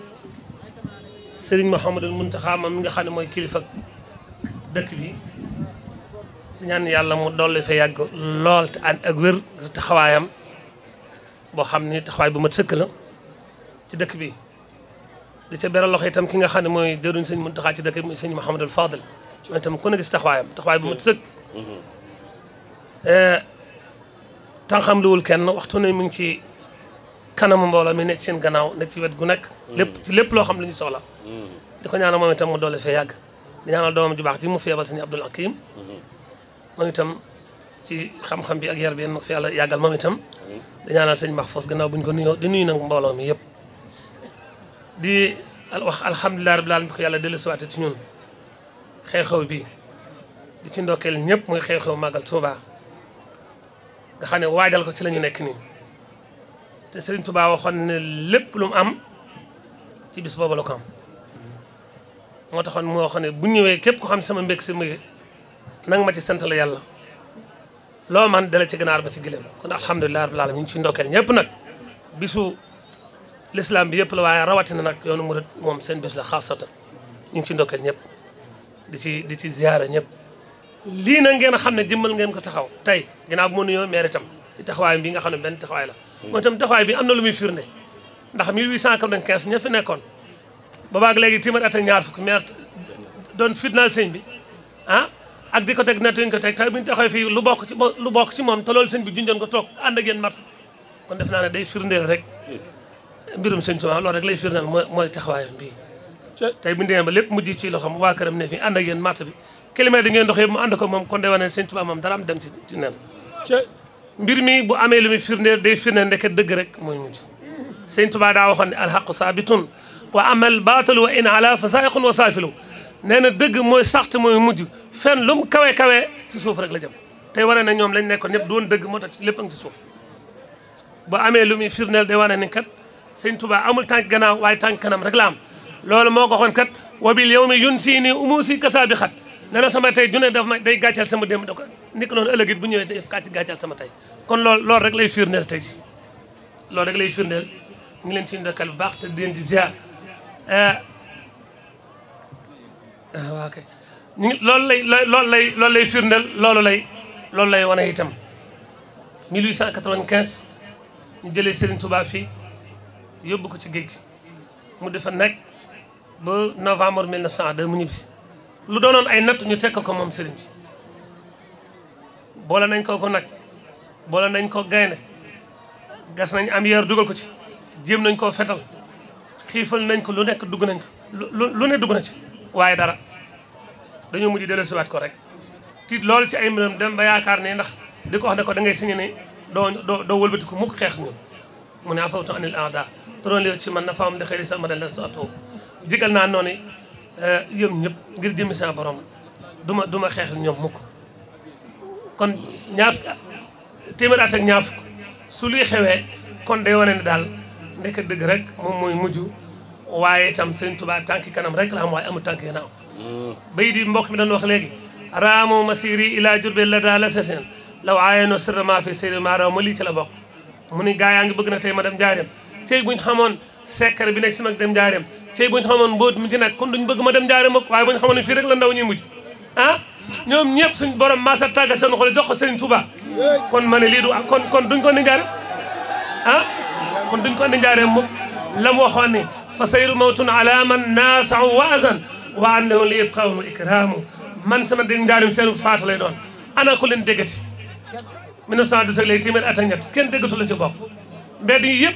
sëriñ Mouhamadul Muntaxa mi nga xam ne mooy kilifa dëkk bi di ñaan yàlla mu dolli fa yàgg lool te ànd ak wér boo xam ni taxawaay bu mat sëkk la ci dëkk bi di ca beral loxo itam ki nga xam ne mooy déruñ sëñ Muntaxa ci dëkk bi muy sëñ Mouhamadul Fadil mooy itam ku ne gis taxawaayam taxawaay bu Euh, tànqam liwul kenn waxtu ne mu ngi ci kanamu mbooloo ne ci seen gannaaw ne ci wet gu nekk. lépp ci mm. lépp loo xam lu ñu soxla. Mm. di ko ñaanal moom itam mu doole fee yàgg. di ñaanal doomam ju baax ji mu feebal sëñ Abdul Akim. Mm-hmm. moom itam ci xam-xam bi ak yar bi yéen fi yàlla yàggal moom itam. Mm-hmm. di ñaanal sëñ Mahfouz gannaaw bu ñu ko nuyoo di nuyu nag mbooloo mi yëpp. di wax alhamdulilah rabbil alamin bi ko yàlla dellusiwaatee ci ñun xew-xew bi di ci ndokkeel ñëpp muy xew-xew màggal nga xam ne waajal ko ci lañu nekk nii te Serigne Touba waxoon ne lépp lu mu am ci bis boobu la ko am moo taxoon moo xam ne bu ñëwee képp ko xam ne sama mbég si muy nang ma ci sant la yàlla loo man dala ci ganaar ba ci gileem kon alhamdulilah rabbil alamin ñu ngi ci ndokkeel ñëpp nag bisu l'islam bi yëpp la waaye rawatina nag yoonu murit moom seen bis la xaasatan ci ndokkeel ñëpp di ci di ci ziyaara ñëpp lii na ngeen xam ne jëmmal ngeen ko taxaw tey ginnaaw bi ma nuyoo maire itam ci taxawaay bi nga xam ne benn taxawaay la mooy itam taxawaay bi am na lu muy firnde ndax 1895 ña fi nekkoon boobaag léegi téeméer at ak ñaar fukki maire doon fitnaal sëñ bi ah ak di ko teg ko teg tey bu ñu taxawee fii lu bokk ci lu bokk ci moom te loolu sëñ bi junjoon ko toog ànd ak yéen mars kon naa ne day firndeel rek mbirum sëñ Tuubaa loolu lay firndeel mooy mooy taxawaayam bii tey bu ñu demee ba lépp mujj ci loxoom waa ne fii ànd ak bi kilomètre yi ngeen dox yëpp mu ànd ko moom kon day wane ne sëñ Tuubaa moom dara am mbir mi bu amee lu muy firndeel day firndeel ndeket dëgg rek mooy mujj sëñ Tuubaa daa waxoon ne alxaqu saabitun wa amal baatalu wa in ala fa saayiqun wa saafilu nee na dëgg mooy mu kawe kawe ci suuf rek la jëm tey wane ne ñoom lañ nekkoon ñëpp doon dëgg moo tax ci suuf bu amee lu muy firndeel day wane ni kat sëñ Tuubaa amul tànk gannaaw waaye tànk kanam rek laam lool moo ko waxoon kat wa bil yawmi yun sii nii kasaabi xat ne sama tey junne daf ma day gàccal sama démb da ko ni ko noonu ëllëg it bu ñëwee day gàccal sama tey kon loolu loolu rek lay firndeel tey loolu rek lay firndeel ñu leen ci ndokkal bu baax te di leen di ziar eh. ah, waaw kay ñu ngi loolu lay loolu lay loolu lay firndeel loolu lay loolu lay wane jëlee Serigne Touba fii yóbbu ko ci géej mu defa nekk ba novembre 1902 mu ñibbisi lu doonoon ay natt ñu tekk ko moom sëriñ bi boole nañ ko ko nag boole nañ koo gaynde gas nañ am yeer dugal ko ci jéem nañ koo fetal xiifal nañ ko lu nekk dugg nañ ko lu lu ne dugg na ci waaye dara dañoo mujj delloosiwaat ko rek tiit loolu ci ay mbiram dem ba yaakaar ne ndax di ko wax ko da ngay signé ne doo doo doo wëlbati ko mukk xeex ñun mu ne afawtu anil aada turoon li ci man na faam di xëy di sama del la jigal naa noonu Eh, yëm ñëpp ngir jëmmi saa borom duma duma xeex ak ñoom mukk kon ñaaf téeméer at ak ñaaf su luy xewee kon day wane na daal ndekk dëgg rek moom mooy mujj waaye itam Sëriñ Tuubaa tànki kanam rek la am waaye amul tànki gannaaw hmm. bay di mbokk mi doon wax léegi raamo masiri ila jurbe la daa la saseen law aayeno sirrama fi sirri ma raw ma lii ci la bokk mu ni gaa yaa ngi bëgg na tey ma dem njaareem tey ñu xamoon secret bi nekk si mag dem njaareem tey bu ñu xamoon mbóot mi ci nekk kon duñ bëgg ma dem jaare mbokk waaye bu ñu xamoon fii rek la mujj ah ñoom ñëpp suñ borom maasa tàgga seen ko jox ko Sëriñ Tuubaa kon ma ne lii du kon kon duñ ko andi jaare ah kon duñ ko andi jaare mbokk la mu waxoon ne fa sayru mawtun ala man naasau waasan wa annahu li ibqaahu ikraamu man sama dégg njaarim seenu faatu lay doon ana ku leen déggati 1917 lay téeméer at ak ñett kenn déggatu la ci bopp mbedd yi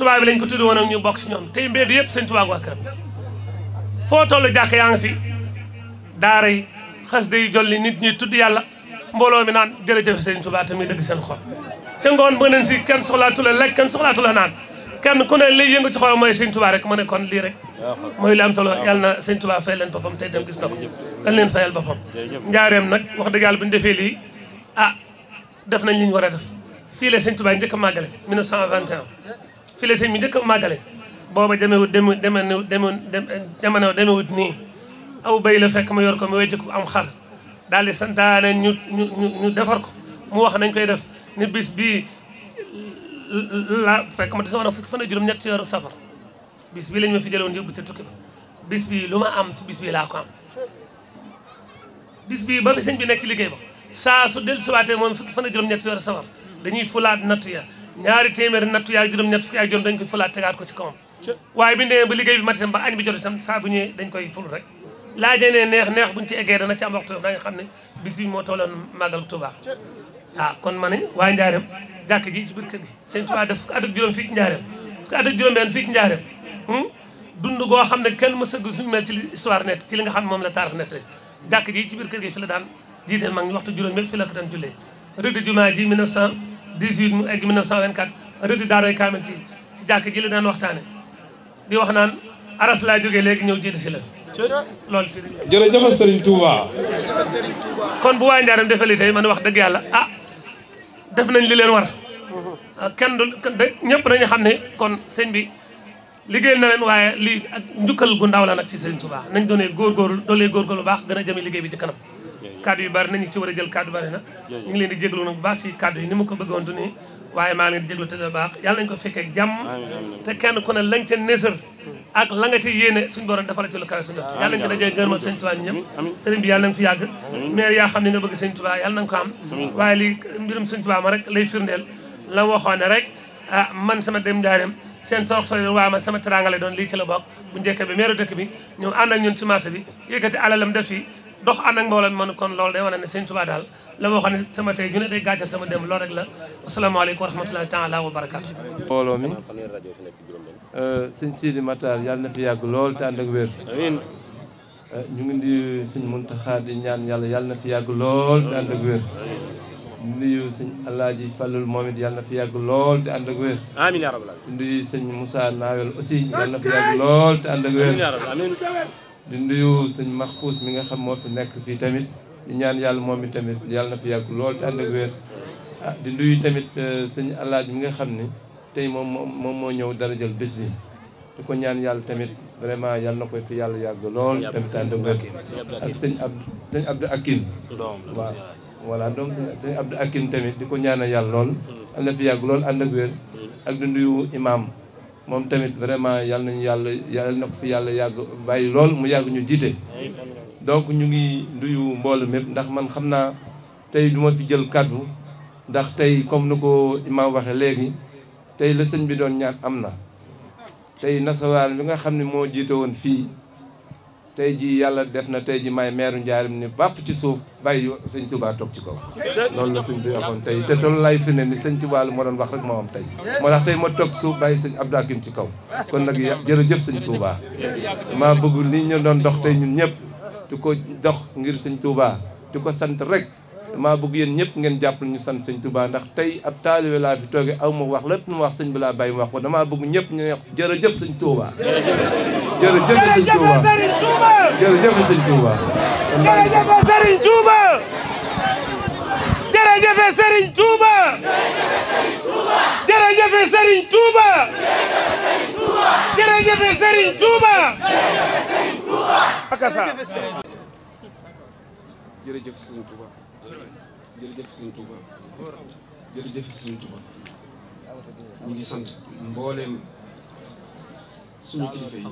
tubaab bi lañ ko tudd woon ak ñu bokk si ñoom tey mbedd yëpp sëñ Tuubaa waa këram foo toll jàkk yaa ngi fi daara yi xas day jolli nit ñi tudd yàlla mbooloo mi naan jërëjëf sëñ Tuubaa tamit dëgg seen xol ca ngoon ba nañ si kenn soxlaatu la lekk kenn soxlaatu la naan kenn ku ne lay yëngu ci xol mooy sëñ Tuubaa rek ma ne kon lii rek mooy lu am solo yàlla na sëñ Tuubaa fay leen boppam tey dem gis na ko dañ leen fayal boppam njaareem nag wax dëgg yàlla bu ñu lii ah def nañ li ñu war a def fii la sëñ Tuubaa njëkk a màggale 1921 fi la sëñ bi njëkk a màggale booba demewut deme demewu dem jamono demewut nii aw bay la fekk ma yor ko mu wecc am xar daal di santaane ñu ñu defar ko mu wax nañ koy def ni bis bii la fekk ma te sama fukki fan ak juróom ñett ci weeru safar bis bii ma fi jëloon yóbbu ca tukki ba bis bii am ci bis bii laa ko am bis bii ba sëñ bi nekk ci liggéey saa su dellusiwaatee moom fukki fan ak juróom ñett ci weeru dañuy fulaat nattu ñaari téeméeri nattu yaag juróom ñett fukki ak juróom dañ koy fulaat tegaat ko ci kawam waaye bi ndee ba liggéey bi mat itam ba añ bi jot itam saa bu dañ koy ful rek laajee neex neex buñ ci ci am da nga xam juróom fii fii ci Njaareem hmm? dund goo xam ne kenn mësa gis suñu mel ci histoire net ci li nga xam ne moom la taarix net rek jàkk ji ci biir kër gi fi la daan jiiteel mag ñi waxtu juróom yëpp fi la ko daan jullee rëdd jumaa ji 1900 18 mu egg 1924 rëdd daaray kaamil ci ci jàkk ji la daan waxtaane di wax naan aras laa jóge léegi ñëw jiitu si la loolu fi jërëjëf Serigne Touba kon bu waa Njaaram defali tey man wax dëgg yàlla ah def nañ li leen war ah, kenn du ñëpp nañu xam ne kon seen bi liggéey na leen waaye lii ak njukkal gu ndaw la nag ci Serigne Touba nañ doonee góorgóorlu doolee góorgóorlu baax gën a jëme liggéey bi ci kanam kaddu yu bari nañu ci war a jël kaddu bari na ñu ngi leen di jéglu nag bu baax ci kaddu yi ni ma ko bëggoon du nii waaye maa ngi leen di jéglu te la baax yàlla nañu ko fekkee jàmm te kenn ku ne lañ ca nësër ak la nga ci yéene suñu borom dafa la ci lu kawe suñu lot yàlla nañ ci dajee gërëm ak sëñ Tuubaa ñëpp sëriñ bi yàlla nañ fi yàgg maire yaa xam ne nga bëgg sëñ Tuubaa yàlla nañ ko am waaye lii mbirum sëñ Tuubaa ma rek lay firndeel la waxoon ne rek ah man sama dem njaareem seen torox sori waaye man sama teraanga lay doon lii ci la bokk bu njëkk bi meeru dëkk bi ñëw ànd ak ñun ci marché bi yëkkati alalam def si dox ànd ak mbooloo man kon loolu day wane ne sëñ Tuubaa daal la waxoon ne sama tey ñu ne day gàccal sama dem loolu rek la asalaamaaleykum wa rahmatullahi taala wa barakaatu mbooloo mi euh, sëñ Sidi Matar yàlla na fi yàgg lool te ànd ak wér euh, ñu ngi di sëñ Muntaxa di ñaan yàlla yàlla na fi yàgg lool te ànd ak wér nuyu sëñ Alaaji yàlla na yàgg lool te ànd ak wér amiin sëñ Moussa Nawel aussi yàlla na fi yàgg lool te ànd ak wér di nuyu sëñ Mahfous mi nga xam moo fi nekk fii tamit di ñaan yàlla moom i tamit yàlla na fi yàgg lool te ànd ak wér ah di nuyu tamit euh, sëñ alaaj mi nga xam ni tey moom moom moo ñëw dara jël bés bi di ko ñaan yàlla tamit vraiment yàlla na koy fi yàlla yàgg lool tamit ànd ak wér ak sëñ ab sëñ Abdou Akim waaw tamit di ko ñaanal yàlla lool yàlla fi yàgg lool ànd ak wér ak di nuyu imaam moom tamit vraiment yal nañu yàlla yal na ko fi yàlla yàgg bàyyi lool mu yàgg ñu jiite. donc ñu ngi nuyu mboolu mépp ndax man xam naa tey du ma fi jël kàddu ndax tey comme ni ko imaam waxee léegi tey la sëñ bi doon ñaan am na. tey nasawaan bi nga xam ne moo jiite woon fii. tey jii yàlla def na tey ji may meeru njaarim ni bàpp ci suuf bàyyi sañ Tuubaa toog ci kaw loolu na sëñ bi waxoon tey te loolu lay fi ne ni sëñ Tuubaa lu ma doon wax rek moo am tey moo tax tey ma toog suuf bàyyi sëñ Abdou Hakim ci kaw kon nag jërëjëf sañ Tuubaa maa bëgg nii ñu doon dox tey ñun ñëpp di ko dox ngir sëñ Tuubaa di ko sant rek damaa bëgg yéen ñëpp ngeen jàppal ñu sant sëñ Touba ndax tey ab taalibe laa fi tooge aw ma wax lépp lu ma wax sëñ bi laa bàyyi ma wax ko damaa bëgg ñëpp ñu ne jërëjëf sëñ Touba jërëjëf sëñ Touba jërëjëf sëñ Touba jërëjëf sëriñ Touba jërëjëf sëriñ Touba jërëjëf sëriñ Touba jërëjëf sëriñ Touba jërëjëf sëriñ Touba jërëjëf sëriñ Touba jërëjëf sëñ Touba jërëjëf sëñ Touba ñu ngi sant mbooleem suñu kilifa yi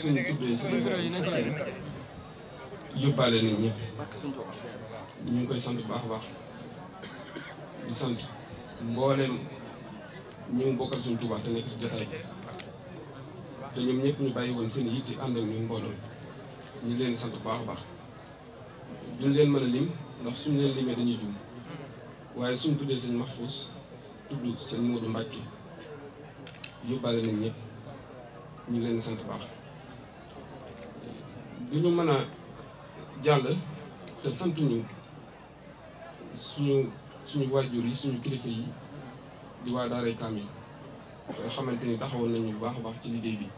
suñu tuddee suñu fekkee yóbbaale nañ ñëpp ñu ngi koy sant bu baax a baax di sant mbooleem ñu ngi bokkal sëñ Touba te nekk ci jotaay te ñoom ñëpp ñu bàyyi woon seen yitte ànd ak ñu mbooloo ñu leen sant bu baax a baax. duñ leen mën a lim ndax suñ leen limee dañuy juum waaye suñ tuddee sëñ Mahfous seen sëñ Modou Mbacke yóbbaale nañ ñëpp ñu leen sant baax du ñu mën a jàll te santuñu suñu suñu waajur yi suñu kilifa yi di waa Daaray Kamil nga xamante ni taxawoon nañu bu baax a baax ci liggéey bi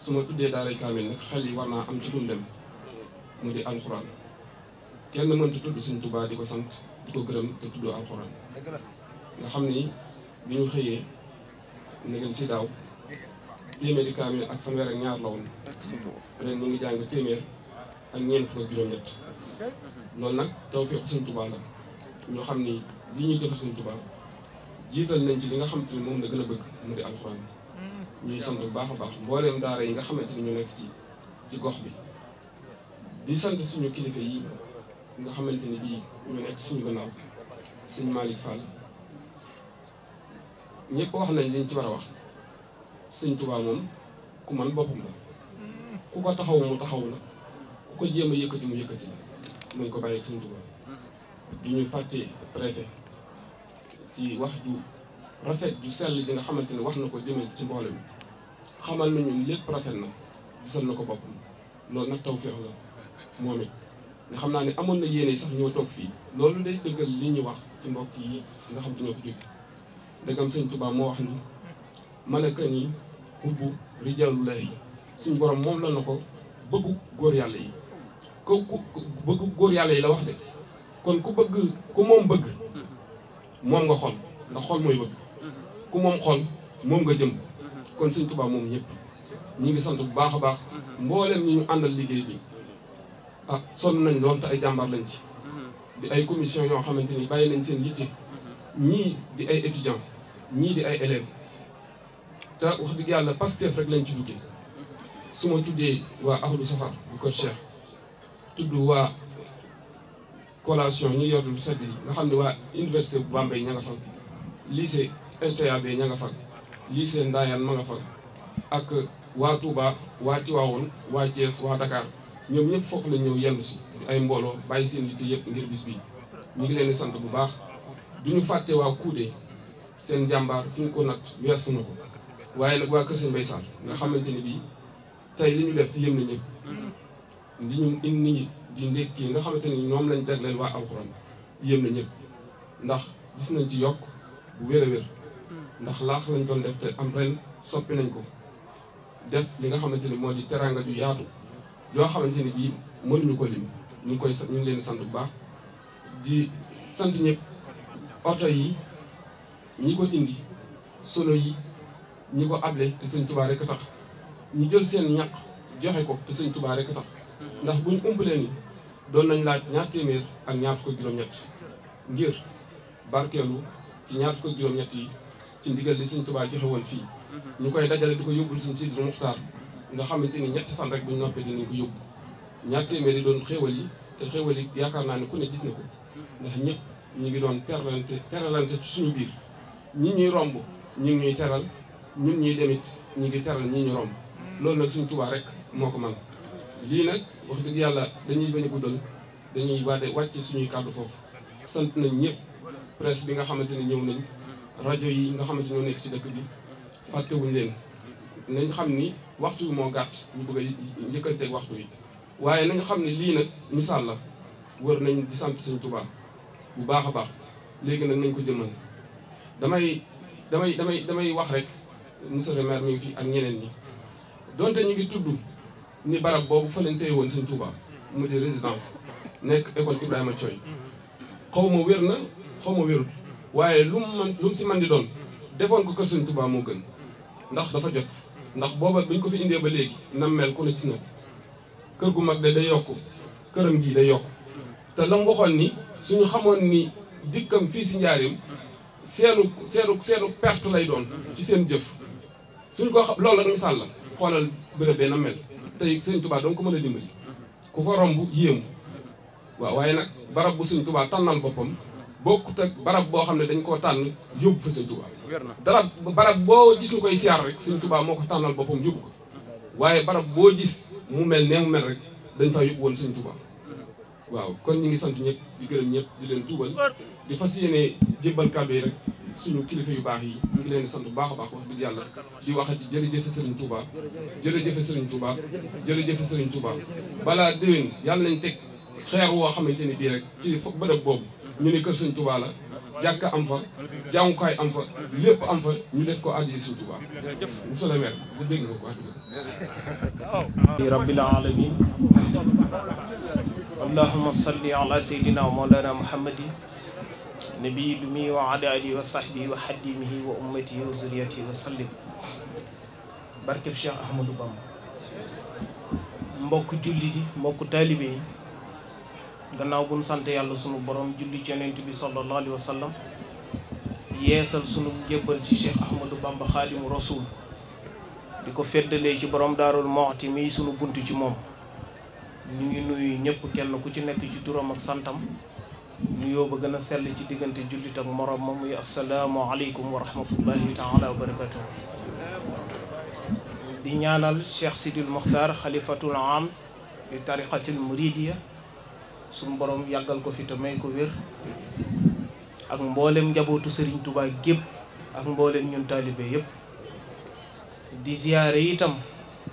su ma tuddee Daaray Kamil nag xel yi war naa am ci dundam mu di alxuraan kenn mënta tudd Sëñ tubaa di ko sant di ko gërëm te tudd alxuraan nga xam ni bi ñu xëyee nagal si daaw téeméeri kaamil ak fanweer ak ñaar la woon ren ñu ngi jàng téeméer ak ñeent fukk nag tawfeexu Sëñ Tuubaa la ñoo xam ni li ñuy defar Sëñ Tuubaa jiital nañ ci li nga xam te ne moom la gën a bëgg mu di alxuraan ñuy sant baax a baax mbooleem daara yi nga xamante ni ñu nekk ci ci gox bi di sant suñu kilifa yi nga xamante ne bii ñu nekk suñu gannaaw sëñ Malick Fall ñëpp wax nañ liñ ci war a wax sëñ Touba moom ku man boppam la ku ko taxaw mu taxawu la ku ko jéem a yëkkati mu yëkkati la nañ ko bàyyi ak sëñ Touba du ñu fàtte préfet ci wax ju rafet ju sell ji nga xamante ne wax na ko jëme ci mboole mi xamal nañu lépp rafet na gisal na ko boppam loolu nag taw féex la moom it nga xam naa ni amoon na yéene sax ñoo toog fii loolu day dëggal li ñu wax ci mbokk yi nga xam te ñoo fi jóge ndegam sëñ Tuubaa moo wax ni malaka ni hubbu suñ borom moom la na ko bëggu góor yàlla yi ku ku bëggu góor yàlla yi la wax de kon ku bëgg ku moom bëgg moom nga xol ndax xol mooy bëgg ku moom xol moom nga jëm kon sëñ Tuubaa moom ñëpp ñu ngi sant bu baax a baax uhuh. mboolem ñi ñu àndal liggéey bi ah sonn nañ lool te ay jàmbaar lañ ci mm-hmm. di ay commission yoo xamante ni bàyyi nañ seen yitte mm-hmm. ñii di ay étudiants ñii di ay élèves te wax dëgg yàlla Pastef rek lañ ci duggee mm-hmm. su ma tuddee waa ahlu safar bu kër Cheikh tudd waa collation ñu yor lu sedd yi nga xam ne waa université bu Bambey ña nga fag lycée LTAB ña nga fag lycée Ndayane ma nga fag ak waa Touba waa Tivaouane waa Thiès waa Dakar ñoom ñëpp foofu la ñëw yendu si ay mbooloo bàyyi seen yitte yëpp ngir bis ñu ngi leen sant bu baax du ñu fàtte waa Kuude seen jàmbaar fu ñu ko nag weesu na ko waaye nag waa Kër Sëñ Mbay nga xamante ni bii tey li ñu def yëm na ñëpp ñu indi ñi di ndékki nga xamante ni ñoom lañ jagleel waa alxuraan yëm na ñëpp ndax gis nañ ci yokk bu wér a wér ndax laax lañ doon def te am ren soppi nañ ko def li nga xamante ni moo di teraanga ju yaatu yoo xamante ni bii mënuñu ko lim ñu ngi koy ñu leen sant bu baax di sant ñëpp oto yi ñi ko indi solo yi ñi ko able te sëñ Tuubaa rek tax ñi jël seen ñaq joxe ko te sëñ Tuubaa rek tax ndax buñ umpalee ni doon nañ laaj ñaar téeméer ak ñaar fukk juróom-ñett ngir barkeelu ci ñaar fukk juróom-ñett yi ci ndigal li sëñ Tuubaa joxe woon fii mhm. ñu koy dajale di ko yóbbul sëñ Sidi Muxtaar nga xamante ni ñetti fan rek bu ñu noppee dinañ ko yóbbu ñaar yi doon xéewal yi te xéewal yi yaakaar naa ne ku ne gis na ko ndax ñëpp ñu ngi doon teralante teralante ci suñu biir ñi ñuy romb ñu ngi ñuy teral ñun ñuy demit ñu ngi teral ñi ñu romb loolu nag suñ tubaa rek moo ko man lii nag wax dëgg yàlla dañuy bañ bu doon dañuy waade wàcce suñuy kàddu foofu sant nañ ñëpp presse bi nga xamante ne ñëw nañ rajo yi nga xamante ñoo nekk ci dëkk bi fàttewuñ leen nañ xam ni waxtu wi moo gàtt ñu bëgg a njëkkanteeg waxtu yi waaye nañ xam ni lii nag misaal la wër nañ di sant Sëriñ tubaa bu baax a baax léegi nag nañ ko jëmmal damay damay damay damay wax rek monsieur le mi ngi fi ak ñeneen ñi donte ñu ngi tudd ni barab boobu fa leen téye woon Sëriñ tubaa mu di résidence nekk école Ibrahima Thioy xaw ma wér na xaw ma wérul waaye lu mu man lu mu si man di doon defoon ko kër Sëriñ tubaa moo gën ndax dafa jot ndax booba bi ñu ko fi indee ba léegi nam mel ku ne gis na kër gu mag de day yokk këram gii day yokk te la mu waxoon ni suñu xamoon ni dikkam fii si njaarim seenu seenu seenu perte lay doon ci seen jëf suñ ko xam loolu rek misaal la xoolal bërëb bee nam mel tey sëñ Tuubaa doo ko mën a dimbali ku fa romb yéemu waaw waaye nag barab bu sëñ Tuubaa tànnal boppam bokkut ak barab boo xam ne dañ koo tànn yóbbu fa sëñ Touba darab barab boo gis ñu koy siyaar rek sëñ Touba moo ko tànnal boppam yóbbu ko waaye barab boo gis mu mel ne mu mel rek dañ fa yóbbu woon sëñ Touba waaw kon ñu ngi sant ñëpp di gërëm ñëpp di leen tuubal di fas yéene jébbal kàddu yi rek suñu kilifa yu baax yi ñu ngi leen di sant bu baax a baax wax dëgg yàlla di waxati jërëjëfe sëriñ Touba jërëjëfe sëriñ Touba jërëjëfe sëriñ Touba balaa déwén yàlla nañ teg xeer woo xamante ni bii rek ci bërëb boobu ñu ne kër sëñ Touba la jàkk am fa jàngukaay am fa lépp am ñu def ko addi sëñ Touba monsieur le maire bu dégg nga ko wax dëgg rabbil nabi lumi wa ala wa sahbihi wa xadimihi wa ummatihi wa zuriyatihi wa sallim barkeb Cheikh Ahmadou Bamba mbokk jullit yi mbokk taalibe gannaaw buñ sant yàlla sunu boroom julli ci yonent bi sallallahu alayhi wa sallam yeesal sunu jébbal ci Cheikh Ahmadou Bamba xaadimu rasul di ko feddalee ci borom daarul moxti mii sunu bunt ci moom ñu ngi nuyu ñëpp kenn ku ci nekk ci turam ak santam nuyoo ba gën a sell ci diggante jullit ak morom ma muy asalaamu aleykum wa rahmatullahi taala di ñaanal Cheikh Sidil Mokhtar xalifatul am li tariqatil muridiya suñu borom yàggal ko fi te may ko wér ak mboolem njabootu sëriñ Touba gépp ak mboolem ñun taalibe yëpp di ziyaare itam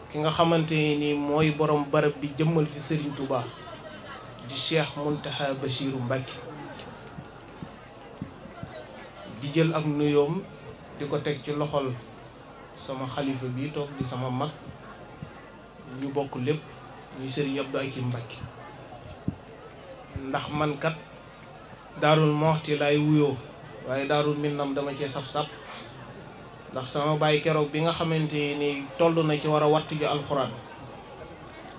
ki nga xamante ni mooy borom barab bi jëmmal fi sëriñ Touba di Cheikh Mountakha Bachirou Mbacké di jël ak nuyoom di ko teg ci loxol sama xalifa bi toog di sama mag ñu bokk lépp ñu Serigne Abdou Akim Mbacké ndax man kat daarul moxti lay wuyoo waaye daarul minnam dama cee saf-saf ndax sama bàyyi keroog bi nga xamante ni toll na ci war a wattu ji alxuraan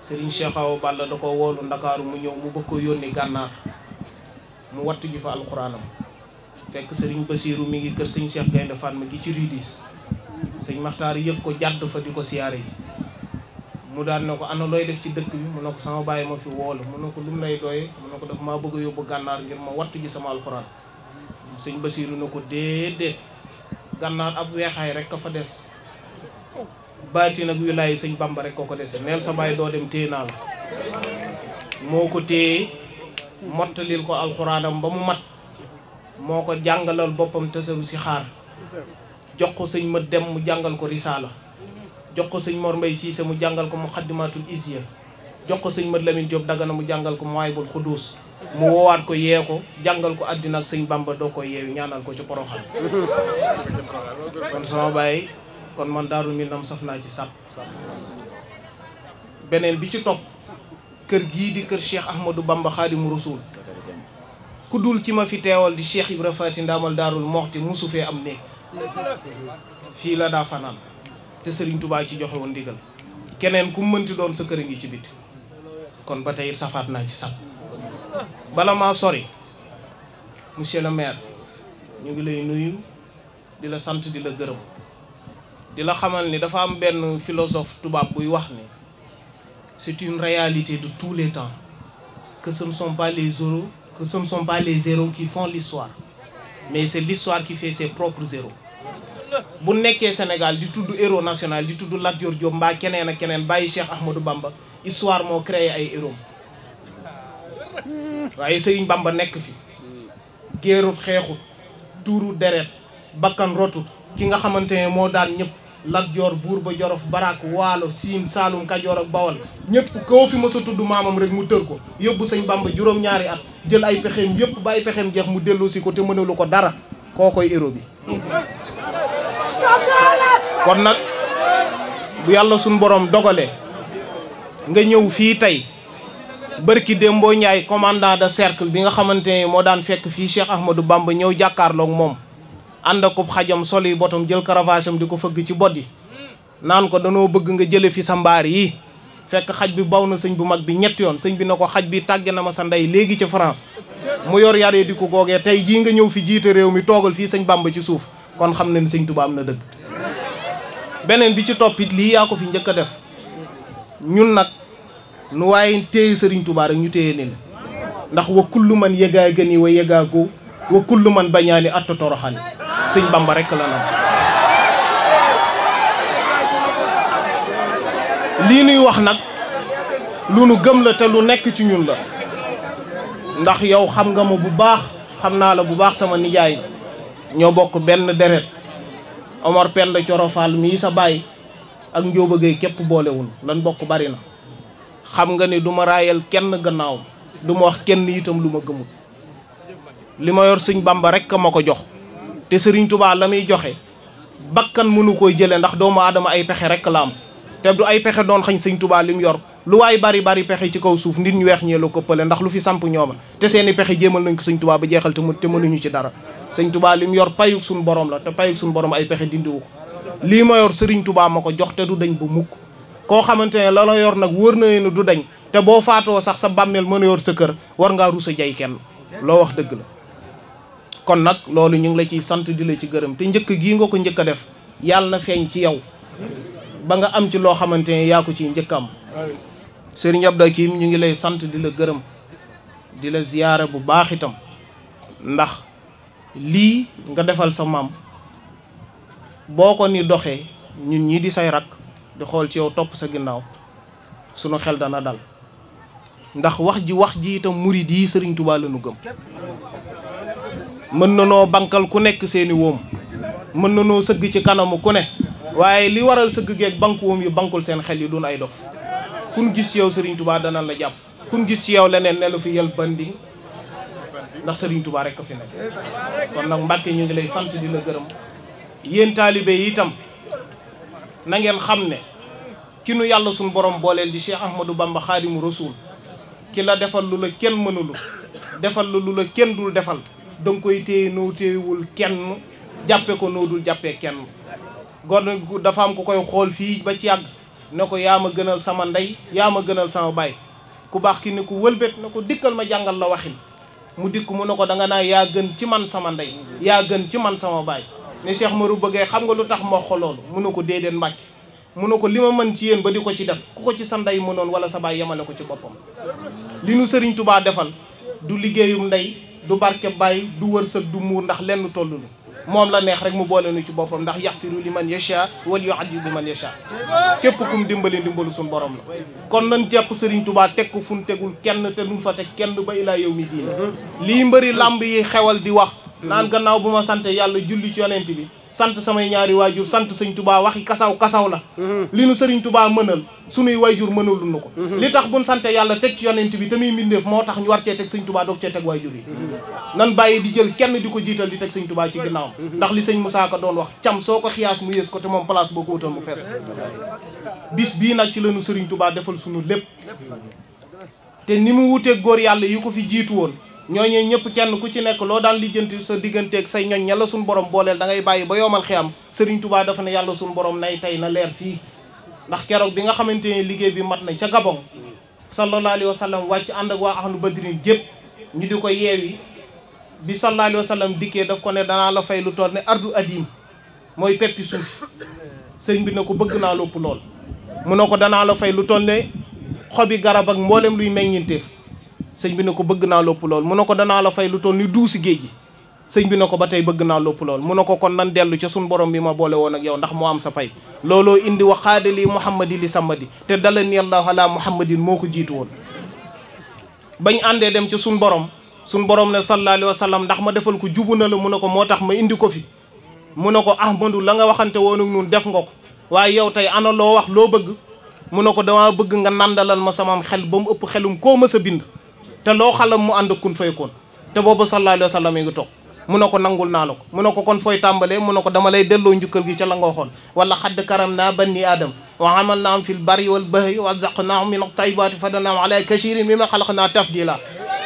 sëriñ Cheikh Awa da ko woolu ndakaaru mu ñëw mu bëgg ko yónni gànnaar mu wattu ji fa alxuraanam fekk sëriñ Basiiru mi ngi kër sëñ Cheikh Gaynde Fatma gi ci ridis sëñ Maxtaar yëg ko jàdd fa di ko siyaare ji mu daan ne ko ana looy def ci dëkk bi mu ne ko sama bàyyi ma fi woolu mu ne ko lu mu lay doyee mu ne ko daf maa bëgg a yóbbu gànnaar ngir ma wattu ji sama alxuraan sëñ Basiiru ne ko déedéet gànnaar ab weexaay rek ka fa des baati nag wilaay sëñ Bamba rek koo ko dese neel sa bàyyi doo dem téye naa la moo ko téye mottalil ko alxuraanam ba mu mat moo ko jàngalal boppam tasaru si xaar jox ko sëñ ma dem mu jàngal ko risaala jox ko sëñ Mor Mbay Siise mu jàngal ko mu xaddimatul isiya jox ko sëñ Mat Lamin Jóob Dagana mu jàngal ko mu waay bul xuduus mu woowaat ko yee ko jàngal ko àddina ak sëñ Bamba doo ko yeewi ñaanal ko ci poroxal kon sama bàyyi kon man daarul mi nam saf naa ci sàpp beneen bi ci topp kër gii di kër Cheikh Ahmadou Bamba Xaadimu Rasuul ku dul ci ma fi teewal di Cheikh Ibra Faati ndaamal daarul moxti musu fee am néeg fii la daa fanaan te Serigne Touba ci joxe woon ndigal keneen ku mënti doon sa kër a ngi ci bit kon ba tey safaat naa ci sab bala maa sori monsieur le maire ñu ngi lay nuyu di la sant di la gërëm di la xamal ni dafa am benn philosophe tubaab buy wax ni c'est une réalité du tous les temps que ce ne sont pas les zéros que ce ne sont pas les zéros qui font l'histoire mais c'est l'histoire qui fait ses propres zéros bu nekkee Sénégal di tudd héros national di tudd Lat Dior Diop mbaa keneen ak keneen bàyyi Cheikh Ahmadou Bamba histoire moo créé ay héros waaye Serigne Bamba nekk fi géerut xeexut tuuru deret bakkan rotut ki nga xamante ne moo daan ñëpp Lat Dior buur ba Jorof Barak Waalo Siin Saalum Kajoor ak Bawol ñëpp koo fi ma a tudd maamam rek mu tër ko yóbbu Sëñ Bamba juróom-ñaari at jël ay pexeem yëpp ba ay pexeem jeex mu dellu si ko te mënalu ko dara koo koy bi kon nag bu yàlla suñu borom dogale nga ñëw fii tey bër bërki Dembo Ndiaye commandant de cercle bi nga xamante ne moo daan fekk fii Cheikh Ahmadou Bamba ñëw jàkkaarloog moom ànd ak ko xajam sol yi botam jël caravage am di ko fëgg ci bot yi naan ko danoo bëgg nga jële fi sa mbaar yi fekk xaj bi baw na sëñ bu mag bi ñett yoon sëñ bi na ko xaj bi tàgge na ma sa ndey léegi ca France mu yor yaree di ko googee tey jii nga ñëw fi jiite réew mi toogal fii sëñ Bamba ci suuf kon xam ne sëñ Tuubaa na dëgg beneen bi ci toppit lii yaako fi njëkk a def ñun nag nu waaye téye sëriñ Tuubaa ñu téye nin ndax wa kullu man yëgaay gën yi wa man bañaani atta toroxani sëñ Bamba rek la nam lii nuy wax nag lu nu gëm la te lu nekk ci ñun la ndax yow xam nga ma bu xam naa la bu baax sama nijaay ñoo bokk benn deret Omar Penda Coro Fall mii sa baay ak Njóoba Géey képp boolewul lan bokk bari na xam nga ni du ma raayal kenn gannaaw du ma wax kenn itam lu ma gëmul li ma yor sëñ Bamba rek ma ko jox te sëriñ Tubaa la muy joxe bakkan mënu koo jële ndax doomu aadama ay pexe rek la am te du ay pexe doon xañ sëñ Tubaa li mu yor lu waay bari bari pexe ci kaw suuf nit ñu weex ñee la ko pële ndax lu fi samp ñooma te seeni pexe jéemal nañ ko sëñ Tubaa ba jeexal te mënuñu ci dara sëñ tubaa li mu yor payuk suñu boroom la te payuk suñu borom ay pexe dindiwu ko lii ma yor sëriñ tubaa ma ko jox te du dañ bu mukk koo xamante ne la la yor nag wër na ne du dañ te boo faatoo sax sa bammeel mën a yor sa kër war ngaa rusa jay kenn loo wax dëgg la kon nag loolu ñu ngi la ciy sant di la ci gërëm te njëkk gii nga ko njëkk a def yàlla na feeñ ci yow ba nga am ci loo xamante ne yaa ko ciy njëkk am sëriñ Abdou Hakim ñu ngi lay sant di la gërëm di la ziyaara bu baax itam ndax lii nga defal sa maam boo ko ni doxee ñun ñii di say rak di xool ci yow topp sa ginnaaw sunu xel dana dal ndax wax ji wax ji itam murid yi sëriñ Tuubaa gëm mën na noo bankal ku nekk seeni woom mën na noo sëgg ci kanamu ku ne waaye li waral sëgg geeg bank wóom yi bankul seen xel yi dun ay dof kun gis ci yow sëriñ dana la jàpp kun gis ci yow leneen ne lu fi yal banding ndax Serigne Touba rek ko fi nekk kon nag Mbàkke ñu ngi lay sant di la gërëm yéen taalibe yi itam na ngeen xam ne ki nu yàlla suñ borom booleel di Cheikh Ahmadou Bamba Xaadimu Rasuul ki la defal lu la kenn mënulu defal la lu la kenn dul defal danga koy téye noo téyewul kenn jàppe ko noo dul jàppee kenn gon dafa am ku koy xool fii ba ci yàgg ne ko yaa ma gënal sama ndey yaa ma gënal sama baay ku baax ki ne ku wëlbét ne ko dikkal ma jàngal la waxin mu dikk mu ne ko da nga naa yaa gën ci man sama ndey yaa gën ci man sama baay ne Cheikh Marou bëggee xam nga lu tax moo xoloolu mu ne ko déedéet Mbàkke mu ne ko li ma mën ci yéen ba di ko ci def ku ko ci sa ndey mënoon wala sa baay yemale ko ci boppam li nu Sëriñ Tubaa defal du liggéeyum ndey du barke baay du wërsëg du muur ndax lenn tollu lu moom la neex rek mu boole nu ci boppam ndax yaxfiru li man yacha wal yuadibu man yacha képp kum dimbali dimbalu suñu borom la kon nan jàpp Serigne Touba teg ko fun tegul kenn te duñ fa teg kenn ba laa yow mi diine lii mbëri làmb yi xewal di wax naan gannaaw bu ma sante yàlla julli ci yonent bi sant samay ñaari waajur sant sëñ tubaa waxi kasaw kasaw la li nu sëriñ tubaa mënal sunuy waajur lu nu ko li tax buñ sante yàlla teg ci yonent bi tamit mbindeef moo tax ñu war cee teg sëñ tubaa doog cee teg waajur yi nan bàyyi di jël kenn di ko jiital di teg sëñ tubaa ci ginnaawam ndax li sëñ Moussa Ka doon wax cam soo ko xiyaas mu yées ko te moom place boo ko wutal mu fees ko bis bii nag ci lanu sëriñ tubaa defal sunu lépp te ni mu wutee góor yàlla yi ko fi jiitu woon ñooñee ñëpp kenn ku ci nekk loo daan lijjanti sa digganteeg say ñoñ ña la suñu borom booleel da ngay bàyyi ba yoomal am Serigne Touba dafa ne yàlla suñu borom nay tey na leer fii ndax keroog bi nga xamante ne liggéey bi mat na ca Gabon sallallahu alayhi wa sallam wàcc ànd ak waa ahlu badrin jépp ñu di ko yeewi bi sallallahu alayhi wa sallam dikkee daf ko ne danaa la fay lu toll ne ardu adim mooy peppi suuf sëñ bi ne ko bëgg naa lopp lool mu ne ko danaa la fay lu toll ne xobi garab ak mboolem luy meññinteef sëñ bi ne ko bëgg naa lopp lool mu ne ko danaa la fay lu toll ni duusi géej gi sëñ bi ko ba tey bëgg naa lopp lool mu ne ko kon nan dellu ca suñ borom bi ma boole woon yow ndax moo am sa pay looloo indi wa xaadali muhammadi li samadi te dala ni allahu ala muhammadin moo ko jiitu woon àndee dem ca suñ borom suñ borom ne sallallahu alayhi wa ndax ma defal ko jubu na la mu ne ko moo tax ma indi ko fi mu ne ko ahmadu la nga waxante woon ak nun def nga ko waaye yow tey ana loo wax loo bëgg mun ne ko dama bëgg nga nandalal ma samam xel ba mu ëpp xelum koo mës sa bind te loo xalam mu ànd kun fay koon te boobu sallallahu alayhi wa sallam ngi toog mu a ko nangul naa la ko mu ne ko kon fooy tàmbalee mu ne ko dama lay delloo njukkal gi ca la nga waxoon wala xadd karam naa banni aadam wa amal naam fi l bari wal bahri wa zaqnaahum min tayyibaati fadanaam ala kasirin mimma xalaqnaa tafdila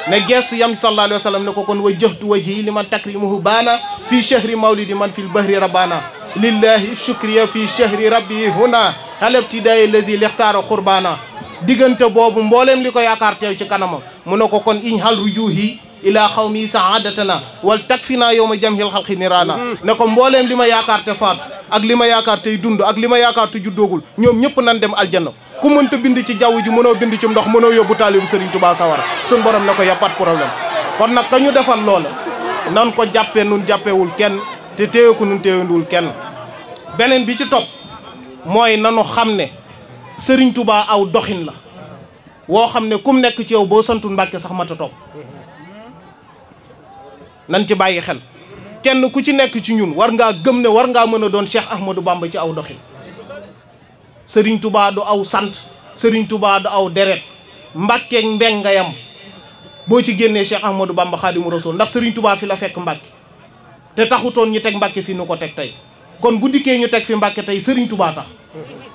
ne gestu yam sallallahu alayhi wa sallam ne ko kon wa jëhtu wajhi liman takrimuhu baana fii chahri mawlidi man fi l bahri rabaana lillahi shukriya fii chahri rabbi huna alabtidayi lazi lixtaara qurbaana diggante boobu mbooleem li ko yaakaar teew kanamam mu ne ko kon iñhal rujuhi ilaa xaw mi saadatana wal takfina yow ma jamhil xalqi niraana ne ko mbooleem li ma yaakaar te faatu ak li ma yaakaar tey dund ak li ma yaakaar te juddoogul ñoom ñëpp nan dem aljanna ku mënta bind ci jaww ji mënoo bind ci ndox mënoo yóbbu taalibu Serigne Touba Sawara suñ borom ne ko yàppat problème kon nag ka ñu defal loola nan ko jàppee nun jàppewul kenn te téye ko nun téyewandiwul kenn beneen bi ci topp mooy nanu xam ne Serigne Touba aw doxin la woo xam ne kum nekk ci yow boo santu Mbàkke sax mat a topp nan ci bàyyi xel kenn ku ci nekk ci ñun war ngaa gëm ne war ngaa mën a doon Cheikh Ahmadou Bamba ci aw doxin Sëriñ Tubaa du aw sant Sëriñ Tubaa du aw deret Mbàkkeek mbeng nga yam boo ci génnee Cheikh Ahmadou Bamba Xaadimu Rasuul ndax Sëriñ Tubaa fi la fekk Mbàkke te taxutoon ñu teg Mbàkke fi nu ko teg tey kon bu dikkee ñu teg fi Mbàkke tey Sëriñ Tubaa tax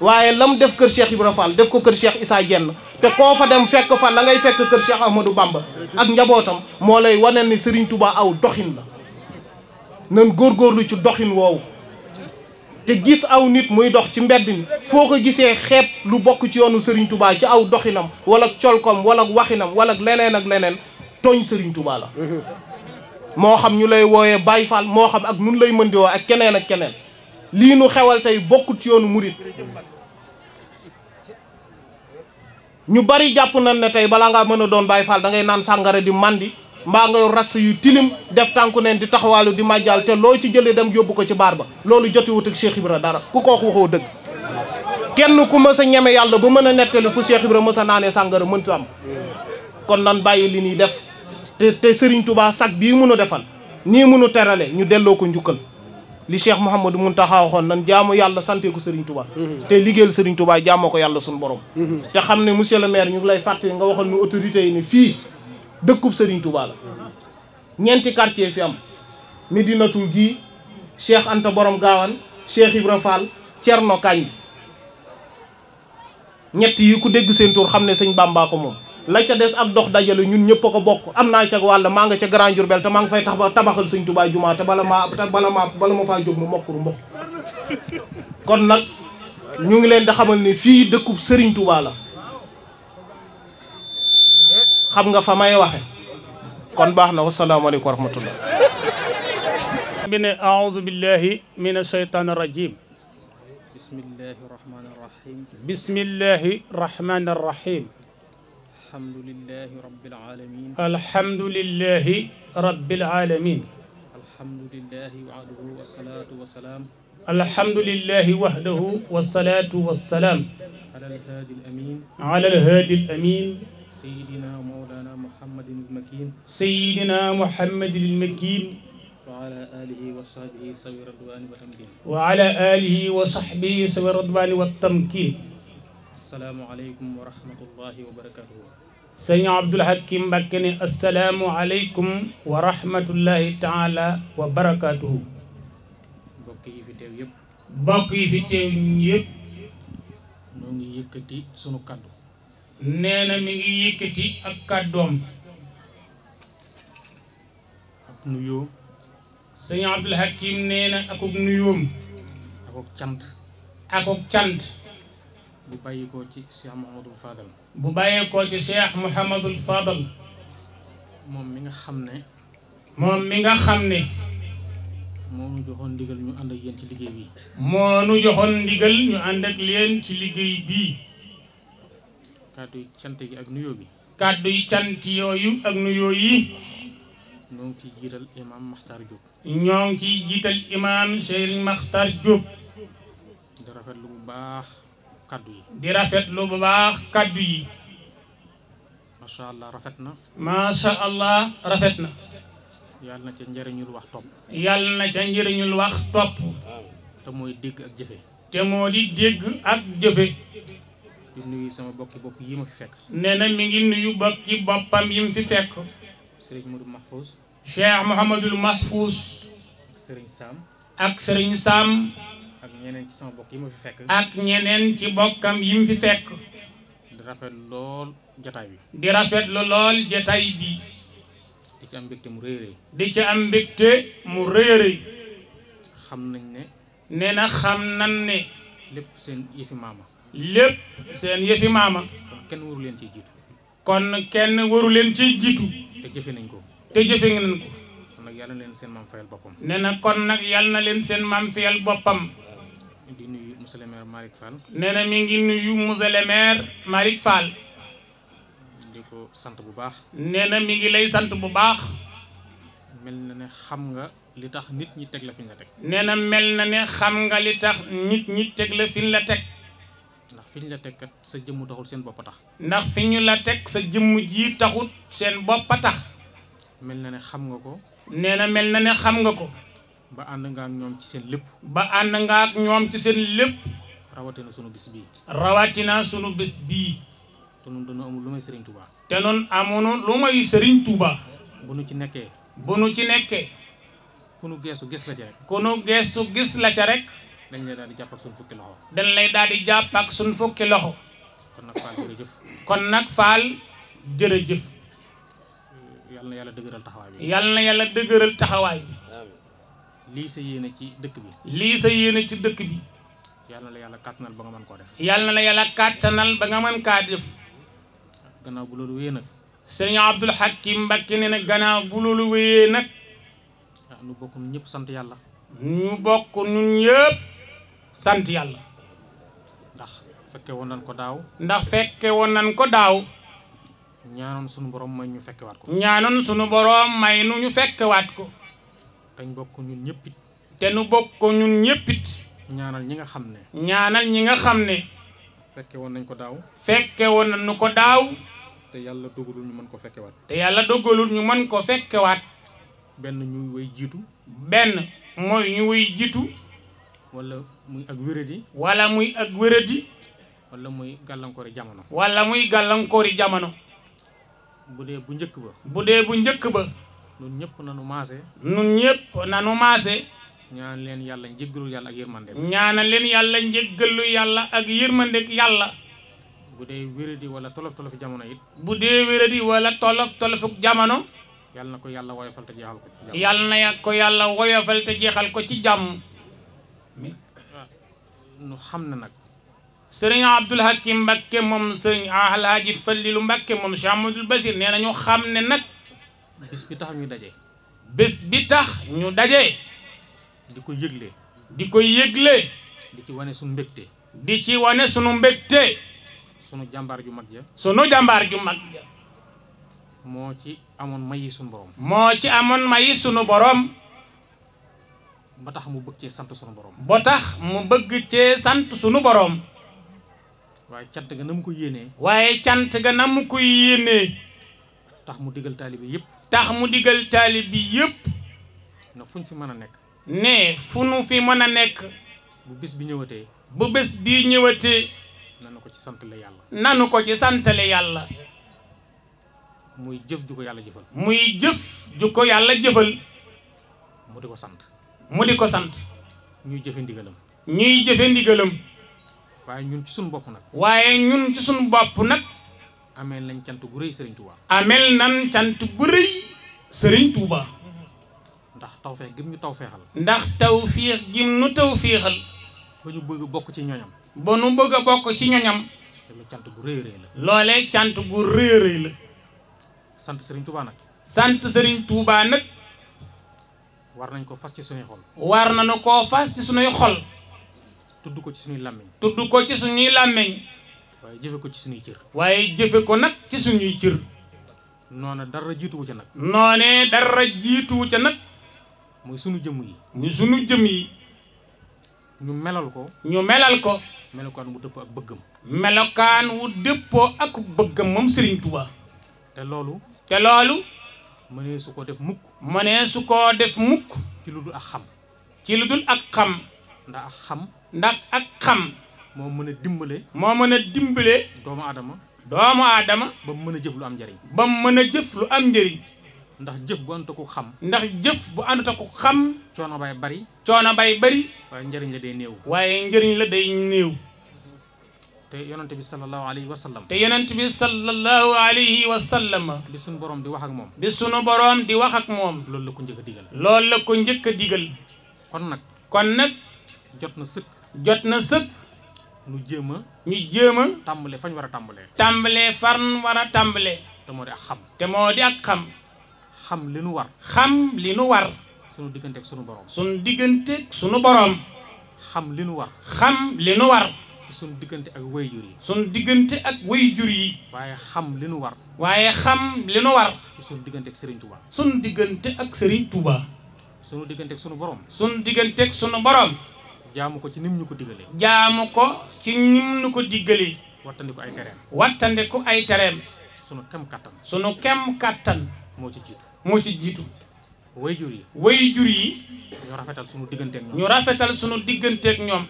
waaye lam def kër Cheikh Ibrahima Fall def ko kër Cheikh Issa Diène te koo fa dem fekk fa la ngay fekk kër ma du Bamba ak njabootam moo lay wane ni Serigne tubaa aw doxin la nan góorgóorlu ci doxin woowu te gis aw nit muy dox ci mbedd mi foo ko gisee xeeb lu bokk ci yoonu Serigne tubaa ci aw doxinam wala colkom wala waxinam wala leneen ak leneen tooñ Serigne tubaa la mm-hmm. moo xam ñu lay wooyee Baye Fall moo xam ak nun lay mën di woo ak keneen ak keneen lii nu xewal tey bokkut yoonu murit ñu bari jàpp nañ ne tey balaa ngaa mën a doon Baay Faal dangay naan sàngara di màndi mbaa nga rast yu tilim def tànku neen di taxawaalu di màjjal te loo ci jëlee dem yóbbu ko ci baar ba loolu jotiwut ak Cheikh Ibra dara ku ko wax waxoo dëgg kenn ku mës a ñeme yàlla ba mën a nettali fu Cheikh Ibra mës a naanee sàngara mëntu am kon nan bàyyi li ñuy def te te Serigne Touba sag bii mënu defal nii mënu terale ñu delloo ko njukkal li Cheikh Mouhamadou Mountakha waxoon nan jaamu yàlla sante ko Serigne Touba. Mhm. te liggéeyal Serigne Touba jaamoo ko yàlla suñu borom. Mhm. te xam ne monsieur le maire ñu ngi lay fàttali nga waxal ñu autorité yi ne fii dëkkub sëriñ Touba la. ñeenti quartier fi am Medinatul gii Cheikh Anta Borom Gaawaan Cheikh Ibra Fall Thierno Kañ ñett yi ku dégg seen tur xam ne sëñ Bàmbaa ko moom. la des ak dox dajale ñun ñëpp ko bokk am naa ca wàll maa nga ca Grand Diourbel te maa ngi fay tabax tabaxal sëñ Tuubaa jumaa te bala maa bala maa bala ma faa jóg mu mokkul mbokk kon nag ñu ngi leen di xamal ne fii dëkku sëriñ Tuubaa xam nga fa may waxe kon baax na wasalaamaaleykum wa rahmatullah bi ne aoudu billahi min asheytaan rajim bismillahi rahmani alhamdulillahi rabbil alamin alhamdulillahi rabbil alamin alhamdulillahi wahdahu wassalatu wassalaam alhamdulillahi wahdahu wassalatu wassalaam ala alhaadi alamin ala alhaadi alamin sayyidina mawlana muhammadin almakin sayyidina muhammadin almakin wa ala alihi wa sahbihi sawi radwani wa tamkin wa ala alihi wa sahbihi sawi radwani wa tamkin assalaamu aleykum wa rahmatullahi wa barakatuhu sëñ Abdul Hakim Mbàkke ne asalaamu aleykum wa rahmatullahi wa barakaatuhu bokk yi fi bokk yi fi teew yëpp sunu kàddu nee na mi ngi yëkkati ak kàddoom ak nuyoo sëñ Abdul Hakim nee na akuk nuyoom akuk cant akuk cant bu bàyyi ko ci Cheikh Mahamadou Fadal bu bàyyeekoo ci cheikh Mouhamadul Fadal. moom mi nga xam ne. moom mi nga xam ne. moo nu joxoon ndigal ñu ànd ak yéen ci liggéey bi. moo nu joxoon ndigal ñu ci liggéey bii. kàddu yi ak nuyoo bi. kàddu yi cant yooyu ak nuyoo yi. ñoo ngi ciy jiital imaam Makhtar Diop. ñoo ngi ciy jiital imaam Serigne Makhtar Diop. di rafetlu bu baax. kaddu yi. di rafetlu bu baax kàddu yi. macha allah rafet na. macha allah rafet na. yàlla na ca njëriñul wax topp. yàlla na ca njëriñul wax topp. te mooy dégg ak jëfe. te moo di dégg ak jëfe. di nuyu sama bokki bopp yi ma fi fekk. nee na mi ngi nuyu bokki boppam yi mu fi fekk. Serigne Modou Mahfouz. Cheikh Mouhamadul Sam. ak Serigne Sam. ñeneen ci sama bokk yi ma fi fekk. ak ñeneen ci bokkam yi mu fi fekk. di rafet lool jotaay bi. di rafet lu lool jotaay bi. di ci am mbégte mu rëy rëy. di ci am mbégte mu rëy rëy. xam nañ ne. nee na xam nan ne. lépp seen yëfi maama. lépp seen yëfi maama. kon kenn waru leen ciy jiitu. kon kenn waru leen ciy jiitu. te jëfe nañ ko. te jëfe nañ ko. kon nag yàlla na leen seen maam fayal leen seen boppam. di nuyu monsieur nee na mi ngi nuyu monsieur le maire Malick ko sant bu baax. nee na mi ngi lay sant bu baax. mel na ne xam nga li tax nit ñi teg la fi la teg. nee na mel na ne xam nga li tax nit teg la fi la teg. ndax fiñ la teg sa jëmm taxul seen bopp tax. ndax fi ñu la teg sa jëmm ji taxut seen bopp a tax. mel na ne xam nga ko. nee na mel na ne xam nga ko. ba ànd nga ak ñoom ci seen lépp. ba ànd nga ak ñoom ci seen lépp. rawatina sunu bis bii. rawatina sunu bis bii. te noonu dañoo amul lu may Serigne Touba. te noonu amoon lu may Serigne Touba. bu nu ci nekkee. bu nu ci nekkee. ku nu geesu gis la ca rek. ku nu geesu gis la ca rek. dañ lay daal di jàpp sunu fukki loxo. dañ lay daal di jàpp ak sunu fukki loxo. kon nag Fall jërëjëf. kon yal na yàlla dëgëral taxawaay lii sa yéene ci dëkk bi. lii sa yéene ci dëkk bi. yàlla na la yàlla kàttanal ba nga mën koo def. yàlla na la yàlla kàttanal ba nga mën kaa def. gannaaw bu loolu wéyee nag. sëñ Abdul Hakim Mbakke ne nag gannaaw bu loolu wéyee nag. ah bokk ñun ñëpp sant yàlla. ñu bokk ñun ñëpp sant yàlla. ndax fekke woon nañ ko daaw. ndax fekke woon nañ ko daaw. ñaanoon sunu borom may ñu fekkewaat ko. ñaanoon sunu borom may nu ñu fekkewaat ko. dañ bokk ñun ñëpp te nu bokk ko ñun ñëpp ñaanal ñi nga xam ne ñaanal ñi nga xam ne fekke woon nañ ko daaw fekke woon nañu ko daaw te yàlla dogalul ñu mën ko fekkewaat te yàlla dogalul ñu mën ko fekkewaat benn ñuy way jiitu benn mooy ñu way jiitu walla muy ak wéradi walla muy ak wéradi wala muy gàllankoori jamono wala muy gàllankoori jamono bu dee bu njëkk ba bu dee bu njëkk ba nun ñëpp nanu maase nun ñëpp nanu maase ñaan leen yàlla njëggalu yàlla ak yërmande ñaanal leen yàlla njëggalu yàlla ak yërmandek yàlla bu dee wéradi wala tolof tolof jamono it bu dee wéradi wala tolof tolofuk jamono yàlla na ko yàlla woyofal te jeexal ko ci jàmm yàlla na ko jeexal ko ci jàmm ah, nu xam ne nag sëriñ Abdul Hakim Mbakke moom sëriñ Alhaaji Fallilu Mbakke moom Cheikh Amadul Basir nee na ñu xam ne nag bis bi tax ñu daje. bés bi tax ñu daje. di ko yëgle. di ko yëgle. di ci wane sunu mbégte. di ci wane sunu mbégte. sunu jàmbaar ju mag ja. sunu jàmbaar ju mag ja. moo ci amoon mayi sunu borom. moo ci amoon mayi sunu borom. ba tax mu bëgg cee sant sunu borom. ba tax mu bëgg cee sant sunu borom. waaye cant ga na mu ko yéenee. waaye cant ga na mu ko yéenee. tax mu digal taalibe yépp tax mu digal taalib bi yëpp. na fu ñu fi mën a nekk. nee fu nu fi mën a nekk. bu bés bi ñëwatee. bu bés bi ñëwatee. nanu ko ci santale yàlla. nanu ko ci santale yàlla. muy jëf ju ko yàlla jëfal. muy jëf ju ko yàlla jëfal. mu di ko sant. mu di ko sant. ñuy jëfe ndigalam. ñuy jëfe ndigalam. waaye ñun ci suñu bopp nag. waaye ñun ci suñu bopp nag. ameel nañ cant gu rëy Serigne Touba. ameel nañ cant gu sëriñ Touba. ndax tawfeex gi mu ñu tawfeexal. ndax tawfeex gi mu ñu tawfeexal. ba ñu bëgg bokk ci ñoñam. ba nu bëgg a bokk ci ñoñam. loole cant gu rëy rëy la. loolee cant gu rëy rëy la. sant sëriñ Touba nag. sant sëriñ Touba nag. war nañ ko fas ci sunuy xol. war nañu koo fas ci sunuy xol. tudd ko ci sunuy làmmiñ. tudd ko ci sunuy làmmiñ. waaye jëfe ko ci sunuy cër. waaye jëfe ko nag ci sunuy cër. noona dara jiituwu ca nag noonee dara jiitu ca nag mooy sunu jëmm yi muy sunu jëmm yi ñu melal ko ñu melal ko melokaan wu dëppoo ak bëggam melokaan wu dëppoo ak bëggam moom Serigne Touba te loolu te loolu mënee su ko def mukk mënee su ko def mukk ci lu dul ak xam ci lu dul ak xam ndax ak xam ndax ak xam moo mën a dimbale moo mën a dimbale doomu aadama doomu aadama ba mu mën a jëf lu am njariñ ba mu mën a jëf lu am njëriñ ndax jëf bu àndut ko xam ndax jëf bu àndut ko xam coono bay bari coono bay bari waaye njëriñ la day néew waaye njëriñ la day néew te yonent bi sallallahu alayhi wa sallam te yonent bi sallallahu alayhi wa sallam bi sunu borom di wax ak moom bi sunu borom di wax ak moom loolu la ko njëkk a digal loolu la ko njëkk a digal kon nag kon nag jot na sëkk jot na sëkk ñu jéem a ñu jéem a tàmbale fañ war a tàmbalee tàmbalee fan war a tàmbalee te moo di ak xam te moo di ak xam xam li nu war xam li nu war sunu digganteeg sunu borom sunu digganteeg sunu borom xam li nu war xam li nu war ci sunu diggante ak wayjur yi sunu diggante ak wayjur yi waaye xam li nu war waaye xam li nu war ci sunu diggante ak Serigne Touba sunu diggante ak Serigne Touba sunu diggante ak sunu borom sunu diggante ak sunu borom jaamu ko ci nim ñu ko diggalee. jaamu ko ci nim ñu ko diggalee. wattandiku ay tereem. wattandiku ay tereem. sunu kem kattan. sunu kem kàttan moo ci jiitu moo ci jiitu. wayjur yi wayjur yi. ñu rafetal sunu digganteeg ñoom. ñu sunu digganteeg ñoom.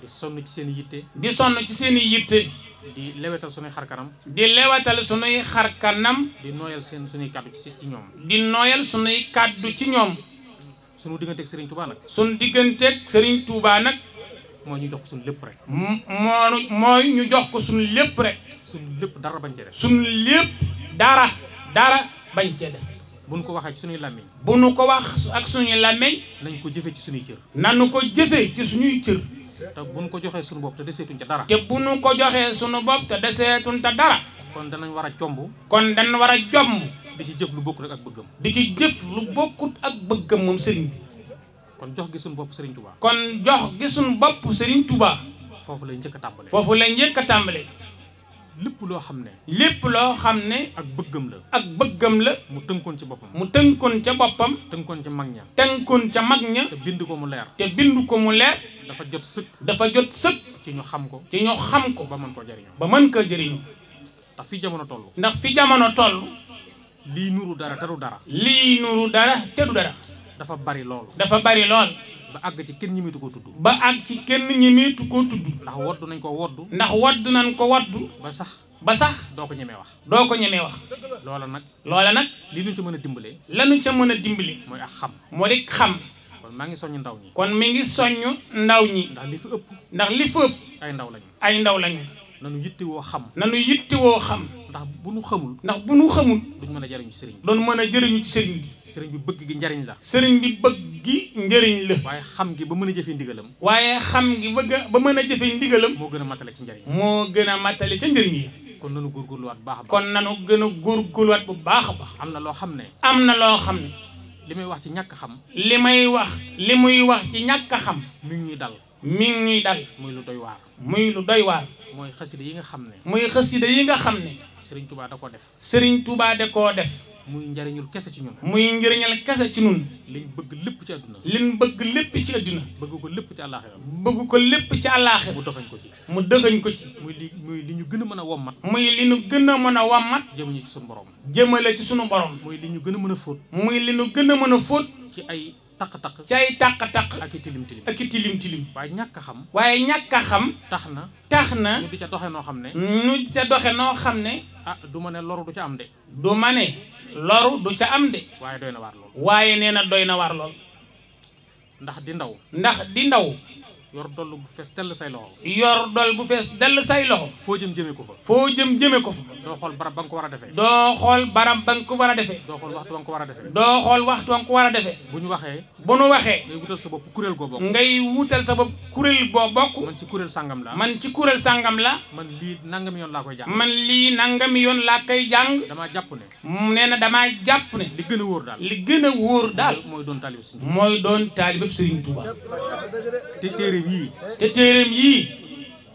di sonn ci seen i yitte. di sonn ci seen i yitte. di lewetal sunuy xarkanam di lewetal sunuy xarkanam di nooyal seen sunuy kàddu kàddu ci ñoom. sunu digganteeg Serigne Touba nag. sunu digganteeg Serigne Touba nag. mooy ñu jox ko suñu lépp rek. moonu mooy ñu jox ko suñu lépp rek. suñu lépp dara bañ cee des. suñu lépp dara dara bañ cee des. bu nu ko waxee ci suñuy làmmiñ. bu nu ko wax ak suñuy làmmiñ. nañ ko jëfee ci suñuy cër. nañu ko jëfee ci suñuy cër. te bu nu ko joxee suñu bopp te deseetuñ ca dara. te bu nu ko joxee suñu bopp te deseetuñ ca dara. kon danañ war jomb. kon danañ war a jomb. di ci jëf lu bokkut ak bëggam di ci jëf lu bokkut ak bëggam moom sëriñ bi kon jox gi suñu bopp sëriñ Touba kon jox gi suñu bopp sëriñ Touba foofu lañ njëkk a tàmbalee foofu lañ jëkk a tàmbalee lépp loo xam ne lépp loo xam ne ak bëggam la ak bëggam la mu tënkoon ci boppam mu tënkoon ca boppam tënkoon ca mag ña tënkoon ca mag ña te bind ko mu leer te bind ko mu leer dafa jot sëkk dafa jot sëkk ci ñu xam ko ci ñu xam ko ba mën koo jëriñoo ba mën koo jëriñoo ndax fi jamono toll lii nuru dara te du dara. lii nuru dara te du dara. dafa bari lool. dafa bari lool. ba àgg ci kenn ñimitu ko tudd. ba àgg ci kenn ñimitu ko tudd. ndax woddu nañ koo woddu. ndax woddu nañ ko waddu ba sax. ba sax doo ko ñemee wax. doo ko ñemee wax. loola nag. loola nag. li nu ca mën a dimbalee. lanu ca mën a dimbalee. mooy ax xam. moo di xam. kon maa ngi soññ ndaw ñi. kon mi ngi soññ ndaw ñi. ndax li fi ëpp. ndax li fi ëpp. ay ndaw lañu. ay ndaw lañu. nanu yittewoo xam. nanu xam. ndax bu nu xamul ndax bu nu xamul duñ mën a jëriñu ci sëriñ bi doon mën a jëriñu ci sëriñ bi sëriñ bi bëgg gi njariñ la sëriñ bi bëgg gi njariñ la waaye xam gi ba mën a jëfee ndigalam waaye xam gi bëgg ba mën a jëfee ndigalam moo gën a matale ci njariñ moo gën a matale ca njariñ yi kon nanu góorgóorluwaat bu baax a kon nanu gën a góorgóorluwaat bu baax a am na loo xam ne am na loo xam ne li may wax ci ñakk xam li may wax li muy wax ci ñakk xam mi ngi ñuy dal mi ngi ñuy dal muy lu doy waar muy lu doy waar mooy xasida yi nga xam ne muy xasida Serigne Touba da koo def. Serigne Touba da koo def. muy njariñul kese ci ñun. muy njariñal kese ci ñun. liñ bëgg lépp ci àdduna. liñ bëgg lépp ci àdduna. bëgg ko lépp ci àllaaxira. bëgg ko lépp ci àllaaxira. mu dëxañ ko ci. mu dëxañ ko ci. muy li muy li ñu gën a mën a wommat. muy li ñu gën a mën a wommat. jëmale ci sunu borom. jëmale ci sunu borom. muy li ñu gën a mën a fóot. muy li ñu gën a mën a fóot. ci ay. takk takk cay taq-taq ak i tilim tilim ak i tilim tilim waaye ñàkk a xam waaye ñàkk a xam tax na tax na ñu di ca doxe noo xam ne ñu di ca doxe noo xam ne ah, du ma ne loru du ca am de du ma ne loru du ca am de waaye doy na waar lool waaye nee na doy na waar lool ndax di ndaw ndax di ndaw yor doll bu fees dell say loxo yor doll bu fees dell say loxo foo jëm jëme ko fa foo jëm jëme ko fa doo xool barab ba nga ko war a defee doo xool barab ba nga ko war a defee doo xool waxtu ba nga ko war a defee doo xool waxtu ba nga ko war a defee bu ñu waxee bu ñu waxee ngay wutal sa bopp kuréel goo bokk ngay wutal sa bopp kuréel boo bokk man ci kuréel sàngam la man ci kuréel sàngam la man lii nangami yoon laa koy jàng man lii nangami yoon laa koy jàng damaa jàpp ne nee na damaa jàpp ne li gën a wóor daal li gën a wóor daal mooy doon taalib mooy doon taalib Sëriñ Tuubaa yii te téereem yii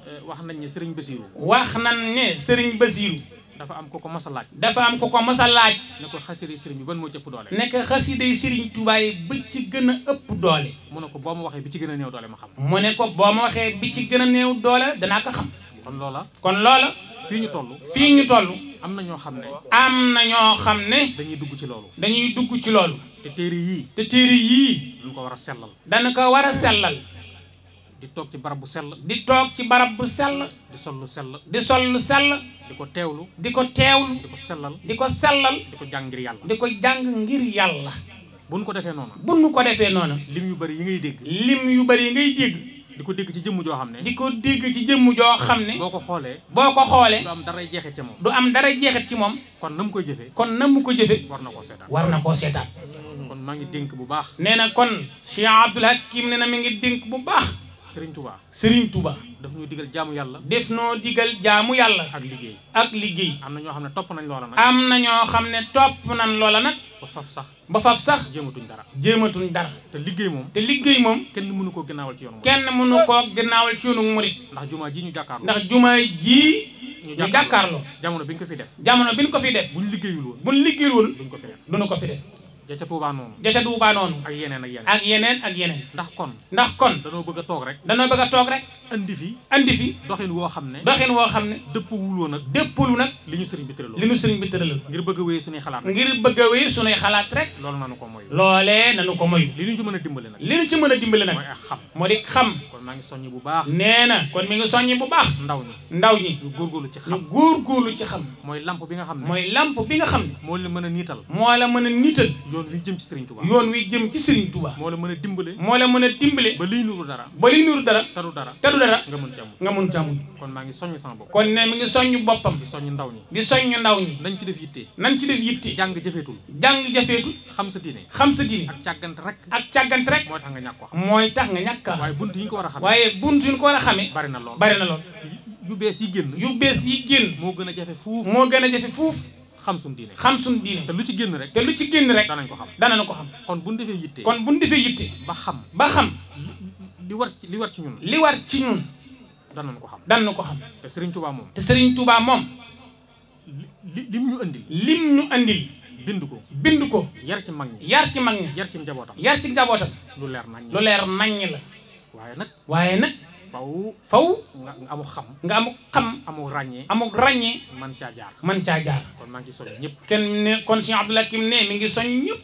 eh, wax nañ ne sëriñ Basiiru wax nañ ne sëriñ Basiiru dafa am ko ko masa laaj dafa am ko ko mas laaj ne ko xasida sëriñ bi ban moo ci ëpp doole nekk xasida sëriñ Tuubaa yi ba ci gën a ëpp doole mu ne ko boo ma waxee bi ci gën a néew doole ma xam mu ne ko boo ma waxee bi ci gën a néew doole danaa ko xam kon loola kon loola fii ñu toll fii ñu toll am na ñoo xam ne am na ñoo xam ne dañuy dugg ci loolu dañuy dugg ci loolu te téere yii te téere yii dañ ko war a sellal dana ko war a sellal di toog ci barab bu sell. di toog ci barab bu sell. di sol lu sell. di sol lu sell. di ko teewlu. di ko teewlu. di ko sellal. di ko sellal. di ko jàng ngir yàlla. di ko jàng ngir yàlla. nu ko defee noonu. buñ ko defee noona lim yu bëri yi ngay dégg. lim yu bëri yi ngay dégg. di ko dégg ci jëmm joo xam ne. di ko dégg ci jëmm joo xam ne. boo ko xoolee. boo ko xoolee. du am dara jeexit ci moom. du am dara jeexit ci moom. kon na mu koy jëfee. kon na mu ko jëfee. war na koo seetaan war na koo seetaan. maa ngi dénk bu baax. nee na kon. Cheikh Abdoul Hakim nee na mi ngi dénk bu baax. Serigne Touba. Serigne Touba. daf ñoo digal jaamu yàlla. def noo digal jaamu yàlla. ak liggéey ak liggéey. am na ñoo xam ne topp nañ loola nag. am na ñoo xam ne topp nañ loola nag. ba faf sax. ba faf sax. jëmatuñ dara. jéematuñ dara. te liggéey moom. te liggéey moom. kenn mënu koo gannaawal ci yoonu murit. kenn mënu koo gannaawal ci yoonu murit. ndax jumaa ji ñu jàkkaarloo. ndax jumaa jii ñu jàkkaarloo jamono bi ñu ko fi def. jamono bi ñu ko fi def. buñ liggéeyul woon buñ liggéeyul woon. duñ ko fi def ko fi def ja ca Touba noonu ja ca Touba noonu ak yeneen ak yeneen ndax kon ndax kon danoo bëgg a toog rek danoo bëgg a toog rek andi fi andi fi doxin woo xam ne doxin woo xam ne dëpp wuloo nag dëppulu nag li ñu sëriñ bi tëraloo li ñu sëriñ bi tëraloo ngir bëgg a wéy suñuy xalaat ngir bëgg a wéy suñuy xalaat rek loolu nanu ko moy loolee nanu ko moy li ñu ci mën a dimbale nag li ñu ci mën a dimbale nag mooy ak xam moo di xam kon maa ngi soññ bu baax nee na kon mi ngi soññ bu baax ndaw ñi ndaw ñi ñu góorgóorlu ci xam ñu góorgóorlu ci xam mooy lamp bi nga xam ne mooy lamp bi nga xam moo la mën a niital yoon wi jëm ci Serigne Touba yoon wi jëm ci Serigne Touba moo la mën a dimbale moo la mën a dimbale ba liy nuru dara ba liy nuru dara tadu dara tadu dara nga mën càmm nga mën càmm kon maa ngi soññ sama bopp kon ne mi ngi soññ ndaw ñi nañ ci def yitte nañ ci def yitte jàng jafeetul jàng jafeetul xam sa diine xam sa diine ak càggante rek ak càggante rek mooy tax nga ñàkk ko xam mooy tax nga ñàkk waaye bunt yi ñu ko war a xamee waaye bunt yi ñu ko war a xamee bari lool bari lool yu bees yi génn yu bees yi génn moo gën a jafe fuuf moo gën a jafe fuuf xam suñ diine xam suñ diine te lu ci génn rek te lu ci génn rek danañ ko xam danañ ko xam kon buñ defee yitte kon buñ defee yitte ba xam ba xam li war ci li ci ñun li war ci ñun danañ ko xam danañ ko xam te Serigne Touba moom te Serigne Touba moom li lim ñu andil lim ñu andil bind ko bind ko yar ci mag ñi yar ci mag ñi yar ci njabootam yar ci njabootam lu leer nañ lu leer nañ waaye nag faw faw nga amu xam nga amu xam amu ràññee amu ràññee man caa jaar man caa jaar kon maa ngi soñ ñëpp kenn ne kon Cheikh Abdou Lakim ne mi ngi soñ ñëpp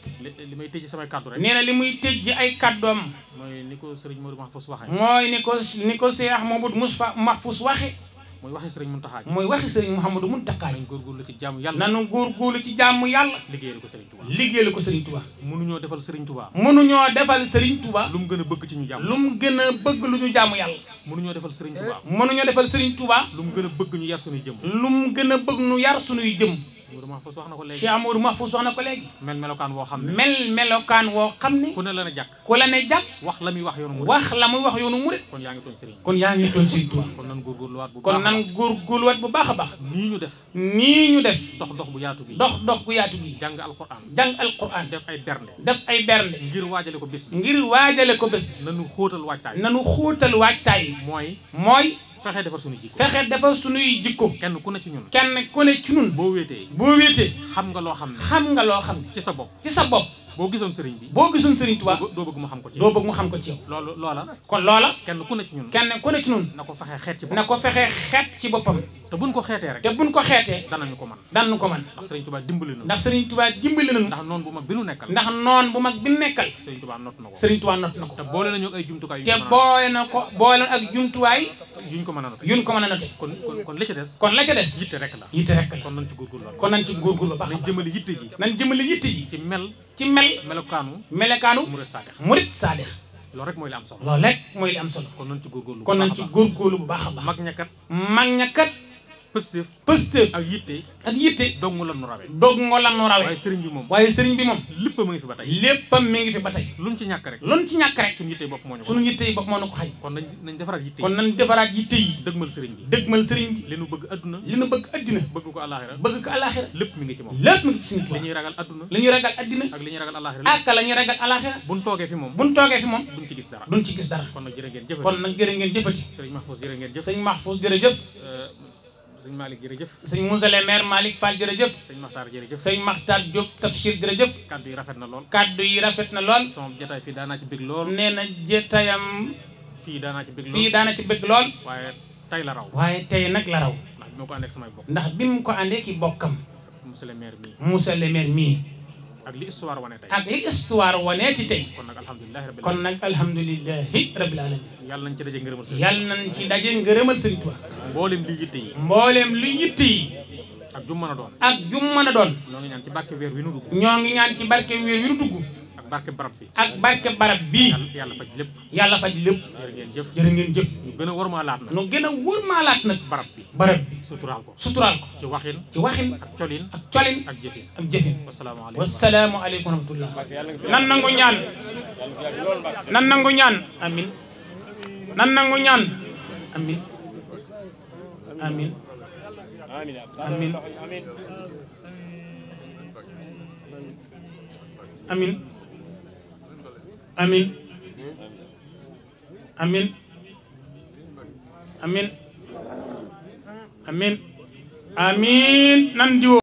li may tëj samay kàddu rek nee na li muy tëj ay kàddoom mooy ni ko sëriñ Modou Mahfous waxe mooy ni ko ni ko Cheikh Mamadou Moustapha Mahfous waxe mooy waxi sëriñ Muntaxa mooy waxi sëriñ Mouhamadou Muntaxa nañ góorgóorlu ci jaamu yàlla nañu góorgóorlu ci jaamu yàlla liggéeyal ko sëriñ Touba liggéeyal ko sëriñ Touba mënuñoo defal sëriñ Touba mënuñoo defal sëriñ Touba lu mu gën a bëgg ci ñu jaamu lu mu gën a bëgg lu ñu jaamu yàlla mënuñoo defal Serigne mën eh? mënuñoo defal Serigne Touba lu gën a bëgg ñu yar suñuy jëm lu gën a bëgg ñu yar suñuy jëm Amadou Mahfous wax na ko léegi Cheikh Amadou Mahfous wax na ko léegi. mel melokaan woo xam ne mel melokaan woo xam ne. ku ne la na jàkk ku la ne jàkk. wax la muy wax yoonu murit wax la muy wax yoonu murit. kon yaa ngi tooñ sëriñ kon yaa ngi tooñ sëriñ Tuubaa. kon nan góorgóorluwaat bu baax kon nan góorgóorluwaat bu baax a baax. nii ñu def nii ñu def. dox dox bu yaatu bi dox dox bu yaatu bi. jàng alquran al alquran. def ay bernde def ay bernde. ngir waajale ko bis ngir waajale ko bés. nanu xóotal waajtaay nanu xóotal waajtaay mooy mooy fexe defar suñuy jikko fexe defar suñuy jikko kenn ku ne ci ñun kenn ku ne ci ñun boo wéetee boo wéetee xam nga loo xam ne xam nga loo xam ne ci sa bopp ci sa bopp boo gisoon sëriñ bi boo gisoon sëriñ Tuubaa doo bëgg mu xam ko ci doo bëgg mu xam ko ci yow loolu loola kon loola kenn ku ne ci ñun kenn ku ne ci ñun na ko fexe xeet ci boppam na ko fexe xeet ci boppam te buñ ko xeetee rek te buñ ko xeetee danañu ko mën danañu ko mën ndax Serigne Touba dimbali na ndax Serigne Touba dimbali na ndax noon bu mag bi nu nekkal ndax noon bu mag bi nu nekkal Serigne Touba not na ko ko te boole nañu ak ay jumtukaay te boole na ko boole na ak jumtuwaay yuñ ko a noté ko mën a noté kon kon des kon la des yitte rek la yitte rek la kon nañ ci góorgóorlu kon nañ mag ñakat mag ñakat pëstëf pëstëf ak yitte ak yitte dog mu lan nu rawe dog mu lan nu rawe sëriñ bi moom waaye sëriñ bi moom léppam mi ngi fi kon nañ defaraat yitte kon nañ defaraat sëriñ bi dëgmal sëriñ bi li bëgg adduna li bëgg adduna bëgg ko alaxira bëgg ko alaxira lépp mi ngi ci moom lépp mi ngi ci suñu li ñuy ragal adduna li ragal adduna ak li ragal alaxira ak la ñuy ragal moom buñ toogee fi ci gis dara duñ ci gis dara kon nag jërë sëñ Malick jërëjëf sëñ Moussa le maire Malick Fall jërëjëf sëñ Makhtar jërëjëf sëñ Makhtar Diop tafsir jërëjëf kaddu yi rafet na lool kaddu yi rafet na lool sama jotaay fii daana ci bëgg lool nee na jotaayam fii daanaa ci bëgg lool fii daanaa ci bëgg lool waaye tey la raw waaye tey nag la raw ndax bi ko àndee ak samay bokk ndax bi mu ko àndee ki bokkam Moussa le maire mii Moussa le ak li histoire wane tey ak li histoire wane ci tey kon nag alhamdulilah rabbil kon nag alhamdulilahi rabbil ci daje ngërëmal sëriñ yàlla nañ ci daje ngërëmal sëriñ Tuubaa mboolem li yitte yi mboolem li yitte yi ak jum mën a doon ak jum mën a doon ñoo ngi ñaan ci barke weer wi nu dugg ñoo ngi ñaan ci barke barke barab bi ak barke barab bii yàlla faj lépp yàlla faj lépp jërë ngeen jëf jërë ngeen jëf ñu gën a gën a warmaalaat nag barab bi barab bi suturaal ko ci waxin ci waxin ak colin ak colin ak jëfin ak jëfin wasalaamaaleykum wasalaamaaleykum wa rahmatullah nan nangu ñaan nan nangu amin amin amin amin amin amin nan diwoo